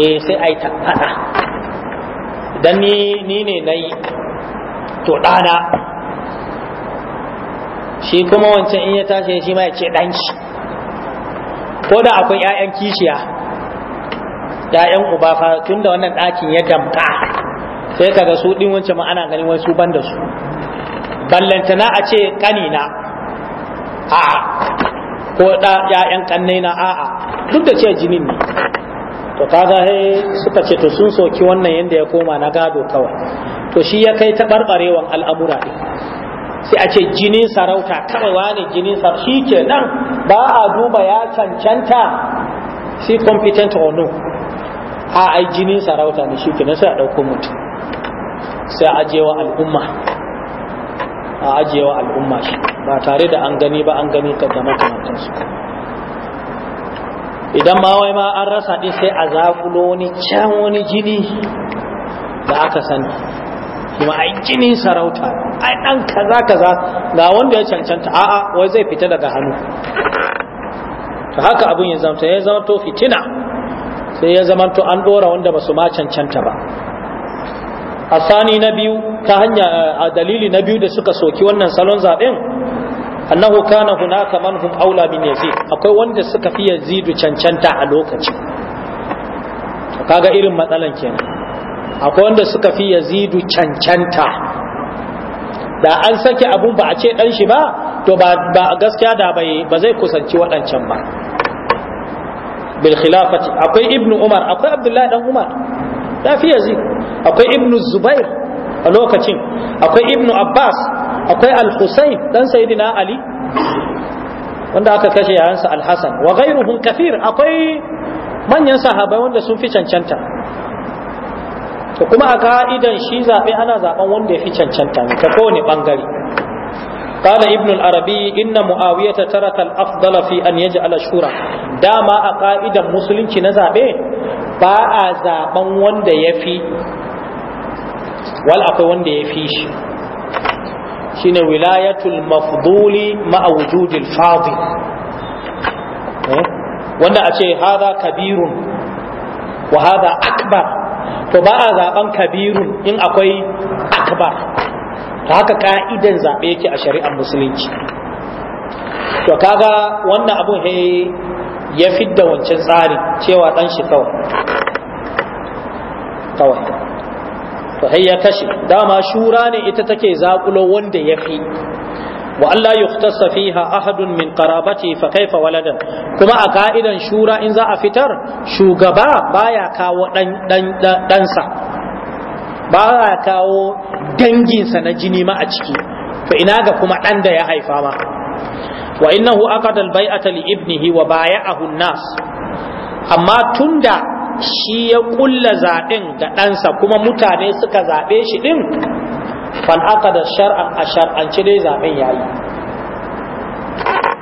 Speaker 1: eh sai a yi ta faɗa dan ni ni ne na yi to ɗana shi kuma wancan in ya tashi shi ma ya ce ɗanshi shi ko da akwai 'ya'yan kishiya 'ya'yan uba fa tun da wannan ɗakin ya damka sai kaga su din wancan ma ana ganin wai su ban da su ballantana a ce kanina a ko da ƴaƴan kannaina a a duk da ce jinin ne to kaga he suka ce to sun soki wannan yanda ya koma na gado kawai to shi ya kai taɓarɓarewan al'amura ne. sai a ce jinin sarauta kawai wani jinin sarauta shi ke nan ba a duba ya cancanta Si competent or no a ai jinin sarauta ne shi ke nan sai a ɗauko mutum sai ajewa al'umma a ajewa al'umma shi ba tare da an gani ba an gani ka da makamantansu idan ma wai ma an rasa ɗin sai a zakulo wani can wani jini da aka sani kuma ai jini sarauta ai ɗan kaza kaza ga wanda ya cancanta a'a wai zai fita daga hannu ta haka abin ya zamta ya zama to fitina sai ya zama to an ɗora wanda ba su ma cancanta ba asani na biyu ta hanya a dalili na biyu da suka soki wannan salon zaben annahu kana hunaka kamar hun aula min yazid akwai wanda suka fi yazidu cancanta a lokacin kaga irin matsalan kenan akwai wanda suka fi yazidu cancanta da an sake abun ba a ce dan shi ba to ba gaskiya da bai ba zai kusanci waɗancan ba bil khilafati akwai ibnu umar akwai abdullahi dan umar da fi yazid akwai ibnu zubair a lokacin akwai ibnu abbas akwai al-husayn dan sayyidina ali wanda aka kashe yayansa al-hasan wa ghayruhum kafir akwai manyan sahabai wanda sun fi cancanta to kuma a ka'idan shi zaɓe ana zaben wanda ya fi cancanta ne ta kowane ɓangare قال ابن العربي إن معاوية ترك الأفضل في أن يجعل شورى داما أقائد مسلم كنزابه ba a zaben wanda ya fi wal akwai wanda ya fi shi shine wilayatul mafduli ma'a wujudil fadi eh? wanda a ce haza kabirun wa haza akbar to ba a zaben kabirun in akwai akbar ta haka ka'idan zaɓe yake a shari'ar musulunci to kaga wannan abun he ya fidda wancan tsarin cewa dan shi kawai kawai to ya kashe dama shura ne ita take zakulo wanda ya fi wa Allah safi fiha ahadun min qarabati fa kaifa waladan kuma a ka'idan shura in za a fitar shugaba baya kawo dan dan dansa baya kawo danginsa na jini ma a ciki to ina ga kuma dan da ya haifa ma wa innahu aqada al-bai'ata li ibnihi wa amma tunda shi ya kulla zaɓen ga ɗansa kuma mutane suka zaɓe shi ɗin fal da shar'an a shar'anci dai zaɓen yi.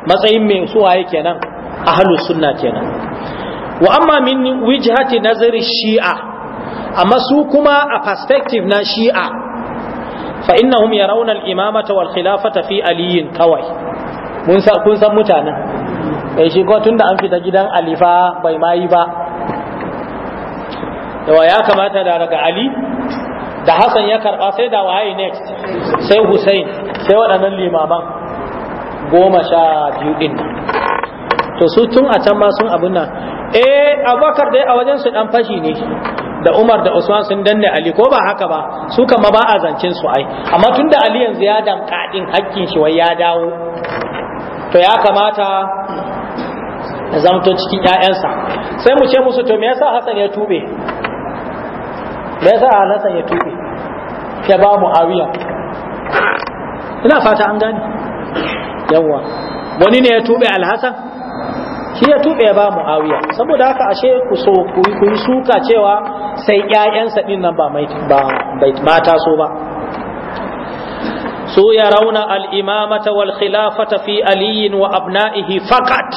Speaker 1: matsayin mai suwaye kenan ahlus sunna kenan wa amma min wijhati nazari shi'a amma su kuma a perspective na shi'a fa innahum yarawna al-imamata wal khilafata fi aliyin kawai kun san mutanen eh shi ko tunda an fita gidan alifa bai mayi ba yawa ya kamata da daga ali da hassan ya karba sai da waye next
Speaker 2: sai hussein
Speaker 1: sai waɗannan limaman goma sha biyu ɗin to su tun a can ma sun abun nan eh abubakar dai a wajen su dan fashi ne da Umar da Usman sun danne Ali ko ba haka ba su kama ba a zancen su ai amma tunda Ali yanzu ya damka din hakkin shi wai ya dawo to ya kamata ya zamto cikin ƴaƴansa sai mu ce musu to me yasa Hassan ya tube me yasa Hassan ya tube ya ba mu awiya ina fata an gane yawa wani ne ya tube alhassan shi ya tube ya ba mu awiya saboda haka ashe ku so ku yi suka cewa sai ƴaƴansa din nan ba mata so ba su rauna al-imamata wal khilafata fi aliyin wa abna'ihi fakat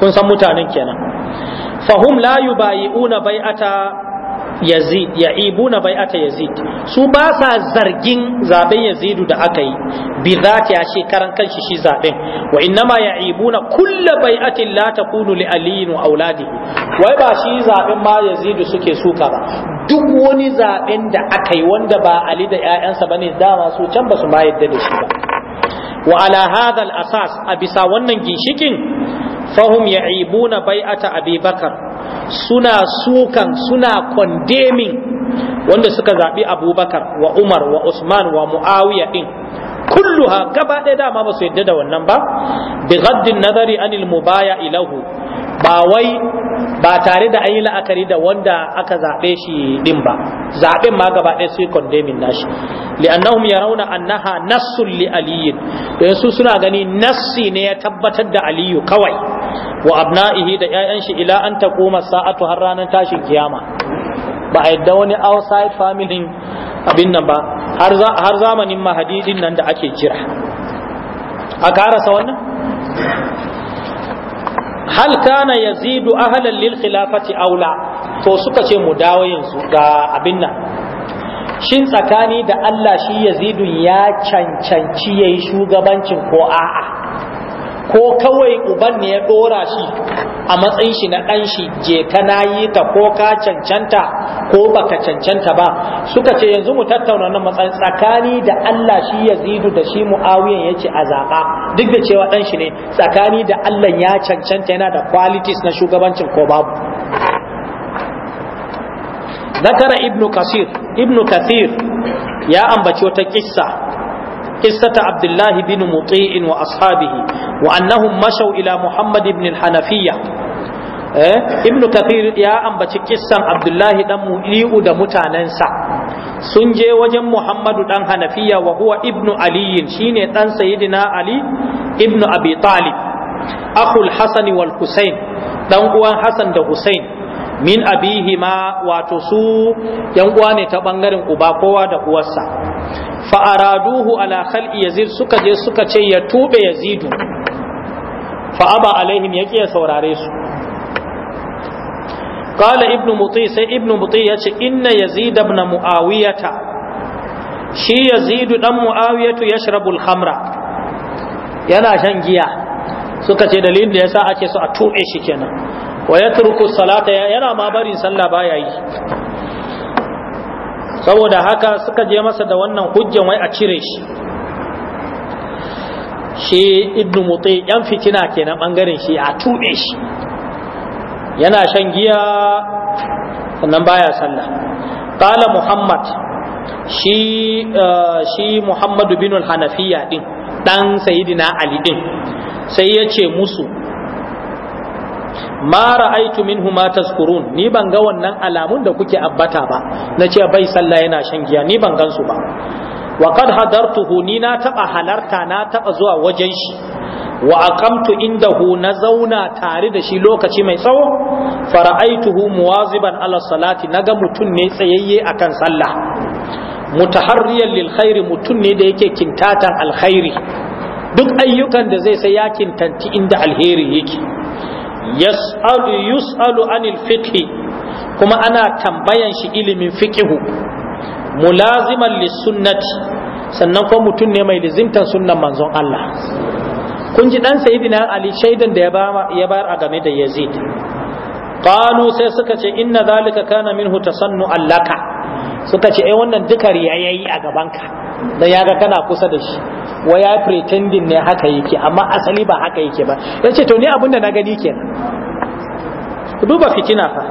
Speaker 1: kun san mutanen kenan fahum la yubayi'una bai'ata yazid ya ibuna bai ata yazid su ba sa zargin zaben yazidu da aka yi bi ta a shekaran kanshi shi zaben wa innama ya ibuna kulla bai atin la takunu li aliyin wa auladihi wai ba shi zaben ma yazidu suke suka ba duk wani zaben da aka yi wanda ba ali da ƴaƴansa bane dama su can ba su ma yadda da shi ba wa ala hadha al asas a bisa wannan ginshikin fahum ya ibuna bai'ata abi bakar suna sukan suna condemning wanda suka zaɓi abubakar wa umar wa usman wa mu'awiya ɗin kulluha gaba ɗaya dama ba su yadda da wannan ba bi gaddin nazari anil mubaya ilahu ba wai ba tare da an yi la'akari da wanda aka zaɓe shi din ba zaɓen ma gaba ɗaya sai condemning nashi li'annahum yarawna annaha nassun li aliyyi don su suna gani nassi ne ya tabbatar da aliyu kawai wa abna'ihi da ƴaƴan shi ila an kuma sa'atu har ranar tashin kiyama ba a yadda wani outside family abin nan ba har zamanin mahadidin nan da ake jira a karasa wannan hal kana yazidu ahlan lil khilafati aula to suka ce mu dawo yanzu ga abin nan shin tsakani da Allah shi Yazidu ya cancanci yayi shugabancin ko a'a ko kawai uban ne ya dora shi a matsayin shi na ɗan shi je ka nayi ta ko ka cancanta ko baka cancanta ba suka ce yanzu mu tattauna nan matsayin tsakani da Allah shi Yazidu da shi Muawiyan yace a zaba duk da cewa ɗan shi ne tsakani da Allah ya cancanta yana da qualities na shugabancin ko babu ذكر ابن كثير ابن كثير ya ambaci wata kissa قصة عبد الله بن wa وأصحابه وأنهم مشوا ila Muhammad Ibn الحنفية eh, ibn kafir ya ambaci kissan abdullahi dan muli'u da mutanensa sun je wajen muhammadu dan hanafiya wahuwa huwa ibnu aliyin shine dan sayidina ali ibnu abi talib akhul hasan wal husain dan uwan Hassan da husain min abihima wato su yan uwa ne ta bangaren uba kowa da uwarsa fa araduhu ala khalqi yazid suka je suka ce ya tube yazidu fa aba alaihim yaki ya saurare su qala ibnu muti sai ibnu muti yace inna yazid ibn muawiyata shi yazid dan muawiyatu yashrabu al-khamra yana shan giya suka ce dalilin da yasa ake so a tube shi kenan wa ya turku salata yana ma barin sallah baya yi saboda haka suka je masa da wannan hujjan wai a cire shi shi ibnu mutai yan fitina kenan bangaren shi a tube shi yana shan giya sannan baya sallah qala muhammad shi eh, shi muhammadu bin al-hanafiya din dan sayyidina ali din sai yace musu ma ra'aitu minhu ma tazkurun ni ban ga wannan alamun da kuke abbata ba na ce bai sallah yana shan giya ni ban gansu ba wa qad hadartuhu ni na taba halarta na taba zuwa wajen shi wa aqamtu indahu na zauna tare da shi lokaci mai tsawo fara'aituhu muwaziban ala salati naga mutun ne tsayayye akan sallah mutaharriyan lil khairi mutun ne da yake kintatan alkhairi duk ayyukan da zai sai ya kintanti inda alheri yake yas'alu yus'alu anil fiqhi kuma ana tambayan shi ilimin fiqihu mulaziman lissunnati sannan ko mutum ne mai lizimtar sunnan manzon Allah kun ji dan sayyidina ali shaidan da ya bayar a game da yazid qalu sai suka ce inna zalika kana minhu tasannu allaka suka ce eh wannan duka ya yayi a gabanka dan yaga kana kusa da shi wa ya pretending ne haka yake amma asali ba haka yake ba yace to ni abinda na gani kenan duba fitina fa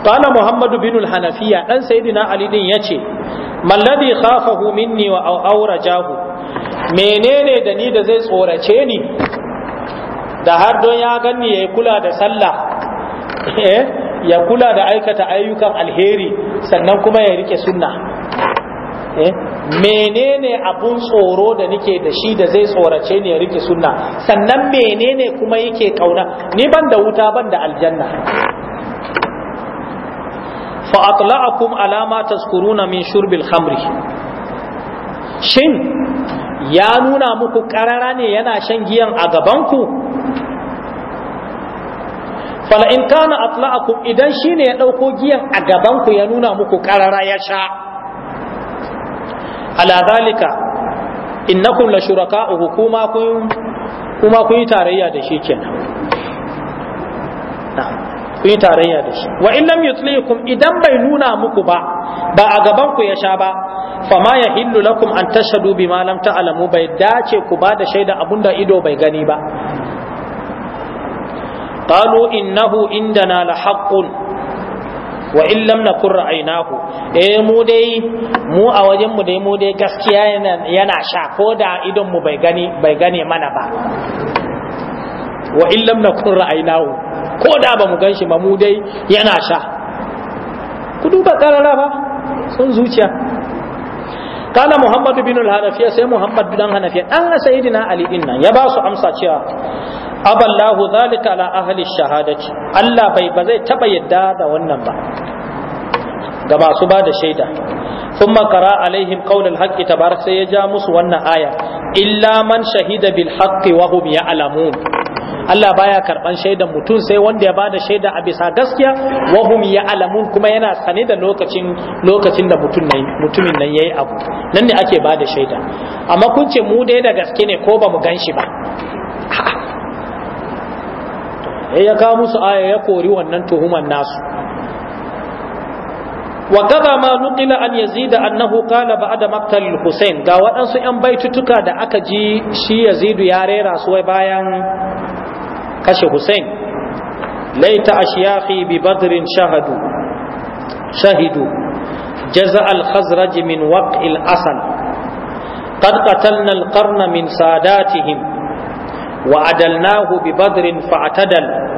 Speaker 1: qala muhammad bin al-hanafiya dan sayyidina ali din yace man ladhi khafahu minni wa awrajahu menene da ni da zai tsorace ni da har don ya ganni yayi kula da sallah <laughs> eh ya kula da aikata ayyukan alheri sannan kuma ya rike sunna eh? menene abun tsoro da nike da shi da zai tsorace ni ya rike sunna sannan menene kuma yake kauna ni ban da wuta ban da aljanna fa atla'akum ala ma tazkuruna min shurbil khamri shin ya nuna muku karara ne yana shan giyan a gabanku fala in kana atla'akum idan shine ya dauko giyan a gaban ku ya nuna muku karara ya sha ala zalika innakum la shuraka'uhu kuma kun kuma kun yi tarayya da shi kenan kun yi tarayya da shi wa in lam yutlikum idan bai nuna muku ba ba a gaban ku ya sha ba fama ya hillu lakum an tashhadu bima lam ta'lamu bai dace ku ba da shaida abunda ido bai gani ba قالوا إنه عندنا لحق وإن لم نكن رأيناه eh mu dai mu a wajen mu dai mu dai gaskiya yana sha ko da idon mu bai gani bai gane mana ba wa in lam ra'aynahu ko da ba mu ganshi ba mu dai yana sha ku duba karara ba sun zuciya kala muhammad bin al-hanafiya sai muhammad bin hanafiya dan sayyidina ali din nan ya ba su amsa cewa aballahu zalika ala ahli shahadati allah bai ba zai taɓa yadda da wannan ba ga masu ba da shaida sun makara alaihim kaunin haƙƙi tabar sai ya ja musu wannan aya illa man shahida bil haƙƙi wa hum Allah baya karɓan shaidan mutum sai wanda ya bada shaida a bisa gaskiya wa hum alamu kuma yana sane da lokacin lokacin da mutum nan mutumin nan yayi abu nan ne ake bada shaida amma kun ce mu dai da gaske ne ko bamu ganshi ba ya kawo musu aya ya kori wannan tuhuman nasu wa kaza ma nuqila an yazida annahu qala ba'da maqtal al ga waɗansu yan baitutuka da aka ji shi yazidu ya rera su wai bayan kashe husayn laita ashyaqi bi badrin shahadu shahidu jaza al-khazraj min waq'il asal qad qatalna ƙarna qarna min sadatihim wa adalnahu bi badrin fa'tadal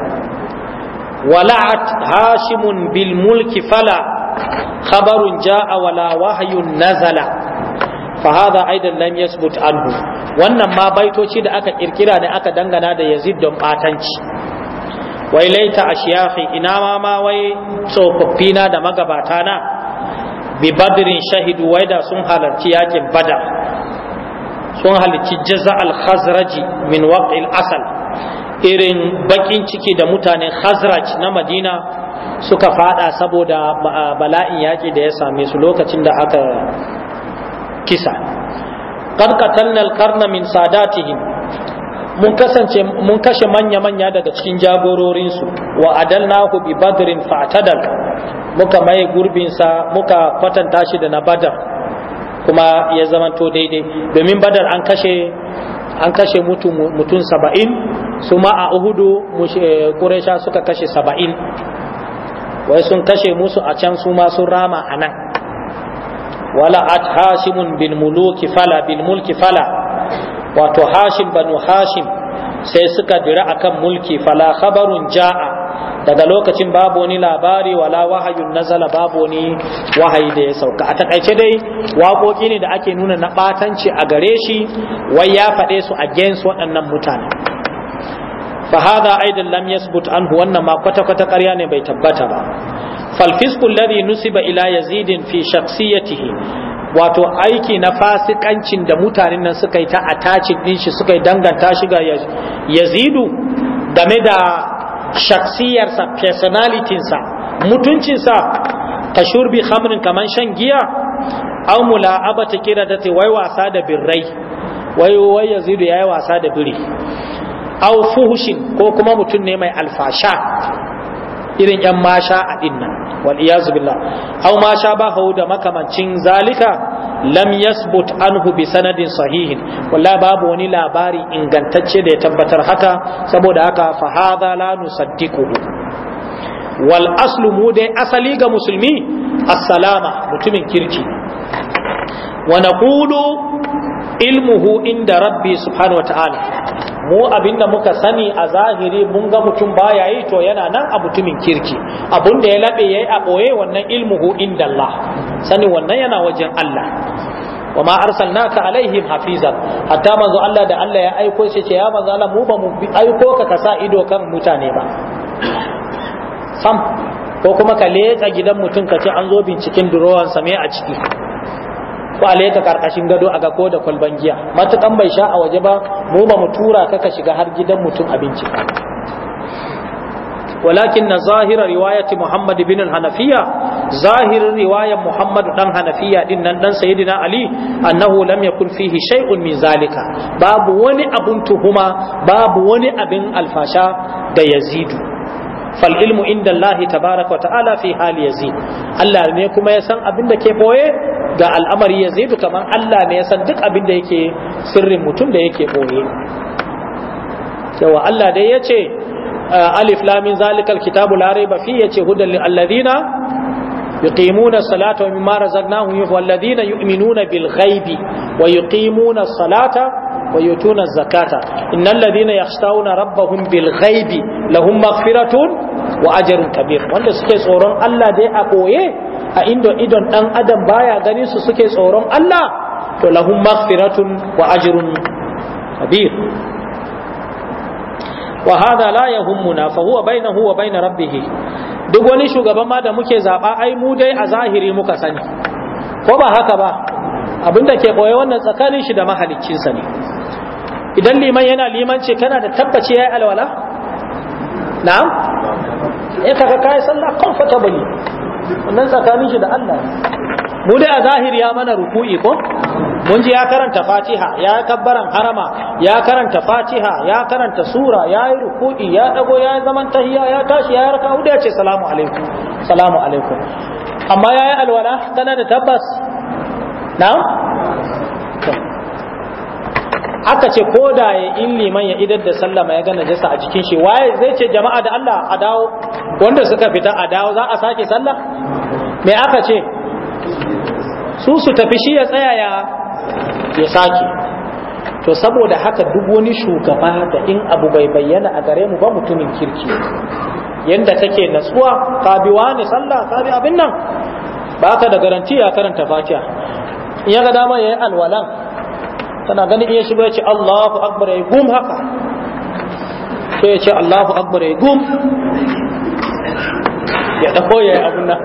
Speaker 1: ولعت هاشم بالملك فلا khabarun جاء ولا wahyun nazala فهذا hadha aidan يثبت عنه anhu wannan ma baitoci da aka kirkira ne aka dangana da Yazid don batanci wai laita ashiyahi ina ma ma wai tsofaffi na da magabata na bi badrin shahidu wai da sun halarci yakin bada, sun halarci jaza al-khazraji min waqil asal irin bakin ciki da mutanen khazraj na madina suka fada saboda bala'in yaƙi da ya same su lokacin da aka kisa qad qatalna al min sadatihim mun kasance mun kashe manya-manya daga cikin jagororinsu wa adalnahu bi badrin fa'tadal muka mai gurbinsa muka kwatanta shi da na badar kuma ya zamanto daidai domin badar an kashe an kashe mutum saba'in su ma a uhudu Kuresha eh, suka kashe saba'in wai sun kashe musu a can su masu rama a nan wala at hashimun bin muluki fala bin mulki fala wato hashim banu hashim sai suka dira akan mulki fala khabarun ja'a daga lokacin babu wani labari wala wahayun nazala babu wani wahayi da ya sauka a takaice dai waƙoƙi ne da ake nuna na ɓatanci a gare shi wai ya faɗe su against waɗannan mutane fa hadha aidan lam yasbut anhu wannan ma kwata kwata ƙarya ne bai tabbata ba fal fisqu alladhi nusiba ila yazidin fi shakhsiyatihi wato aiki na fasikancin da mutanen nan suka yi ta attachin din shi suka danganta shi ga yazidu game da sa. Mutuncin mutuncinsa ka shurbi khamrin kaman shan giya aw mula'abata kira da wai wasa da birrai wai wai yazidu yayi wasa da biri aw fuhushin ko kuma mutum ne mai alfasha irin yan masha a dinnan wal iyazu billah aw masha ba hau da makamancin zalika lam yasbut anhu bi sanadin sahihin wallahi babu wani labari ingantacce da ya tabbatar haka saboda haka fa hadha la nusaddiquhu wal aslu mu dai asali ga musulmi assalama mutumin kirki wa naqulu ilmuhu inda rabbi subhanahu wa ta'ala mu abinda muka sani a zahiri mun ga mutum baya yi to yana nan a mutumin kirki abinda ya labe yayi a boye wannan ilmuhu inda Allah sani wannan yana wajen Allah wa ma arsalnaka alaihim hafizan hatta manzo Allah da Allah ya aiko shi ce ya manzo Allah mu ba mu aiko ka ka sa ido kan mutane ba sam ko kuma ka leka gidan mutum ka ce an zo binciken durowansa me a ciki kwale ka karkashin gado a ga ko da kwalban giya matukan bai sha a waje ba mu ba mu tura ka ka shiga har gidan mutum abinci ka walakin na zahira riwayati muhammad bin hanafiya zahirin riwayar muhammad dan hanafiya din nan dan sayyidina ali annahu lam yakun fihi shay'un min zalika babu wani abun tuhuma babu wani abin alfasha da yazidu fal ilmu inda Allah tabaraka wa ta'ala fi hali yazi Allah ne kuma ya san abin da ke boye ga al'amari yazidu kamar Allah ne ya san duk abin da yake sirrin mutum da yake boye yawa Allah dai ya ce ah, alif lamin zalikal kitabu la ba fi ya ce lil alladhina yuqimuna salata wa mimma razaqnahum yunfiqun alladhina yu'minuna bil ghaibi wa yuqimuna as-salata ويؤتون الزكاة إن الذين يخشون ربهم بالغيب لهم مغفرة wa kabir wanda suke tsoron Allah dai a koye a indo idon dan adam baya gani su suke tsoron Allah to lahum maghfiratun wa ajrun kabir wa hada la yahummuna fa huwa bainahu wa bain rabbih duk wani shugaban ma da muke zaba ai mu dai a zahiri muka sani ko ba haka ba abinda ke koye wannan tsakanin shi da mahaliccinsa ne idan liman yana limanci kana da tabbaci yayi alwala na'am ya kaga kai sallah comfortable wannan tsakanin shi da Allah mu dai a zahiri ya mana ruku'i ko mun ji ya karanta fatiha ya kabbaran harama ya karanta fatiha ya karanta sura ya yi ruku'i ya dago ya yi zaman tahiya ya tashi ya raka hudu ya ce salamu alaikum salamu alaikum amma ya yi alwala tana da tabbas na'am aka ce ko da ya in liman ya idar da sallama ya gana jasa a cikin shi waye zai ce jama'a da Allah a dawo wanda suka fita a dawo za a sake sallah me aka ce su su tafi shi ya tsaya ya ya sake to saboda haka duk wani shugaba da in abu bai bayyana a gare mu ba mutumin kirki yanda take natsuwa ka bi wani sallah ka bi abin nan ba ka da garanti ya karanta fatiha in ya ga dama ya yi alwalan kana ganin iya shigo ya ce Allahu akbar ya gum haka sai ya ce Allahu akbar ya gum ya dako ya yi abun nan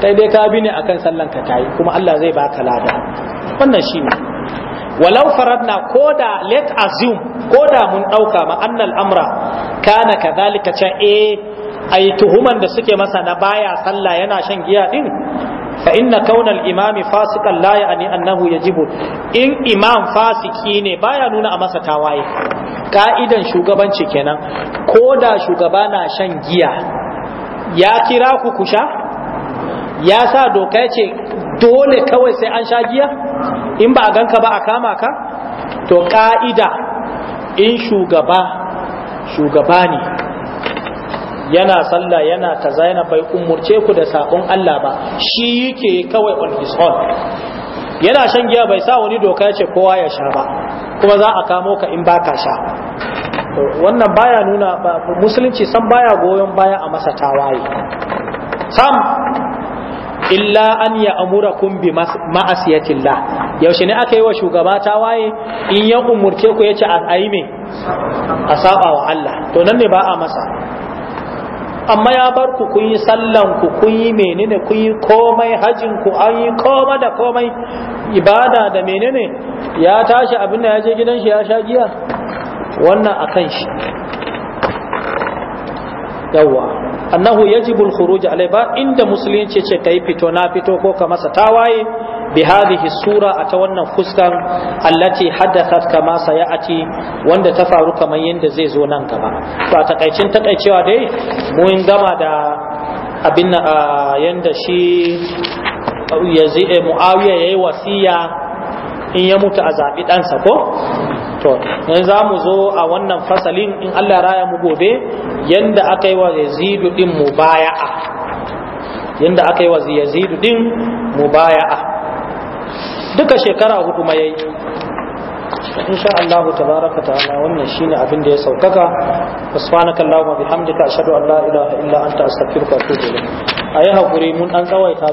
Speaker 1: sai dai ka bi ne akan sallan ka tayi kuma Allah zai baka lada wannan shine walau faradna koda let assume koda mun dauka ma annal amra kana kadhalika cha eh ai tuhuman da suke masa na baya sallah yana shan giya din fa inna kaunal imami fasikan la ya'ni annahu yajibu in imam fasiki ne baya nuna a masa tawaye ka'idan shugabanci kenan ko da shugaba na shan giya ya kira ku kusha ya sa doka ya ce dole kawai sai an sha giya in ba a ganka ba a kama ka to ka'ida in shugaba shugaba ne yana sallah yana ta yana bai umurce ku da sabon Allah ba shi yake kawai on his own yana shan giya bai sa wani doka ce kowa ya sha ba kuma za a kamo ka in baka sha wannan baya nuna musulunci san baya goyon baya a masa tawaye sam illa an ya amura kun bi ma'asiyatillah yaushe ne aka yi wa shugaba tawaye in ya umurce ku yace a ayi me a saba wa Allah to nan ne ba a masa amma ya bar ku kun yi sallan ku kun yi menene kun yi komai hajin ku an yi komai da komai ibada da menene ya tashi abin da ya je gidan shi ya sha giya wannan akan shi yawa annahu yajibul khuruj alai ba inda musulunci ce kai fito na fito ko ka masa tawaye a ta wannan fuskan. بهذه السورة أتونا فسكا التي حدثت كما سيأتي وند تفارو كما يندزي زونان كما فأتقيتين تقيتين ودي موين دما دا أبن يندشي يزي معاوية يوسيا in ya mutu a zaɓi ɗansa ko? to yanzu za mu zo a wannan fasalin in Allah raya mu gobe yanda aka yi wa yazidu ɗin mu baya a yanda aka yi wa yazidu ɗin mu baya duka shekara hudu ma yayi insha Allah tabaraka ta'ala wannan shine abin da ya saukaka subhanaka allahumma bihamdika ashhadu an la ilaha illa anta astaghfiruka wa atubu ilayk ayi hakuri mun an tsawaita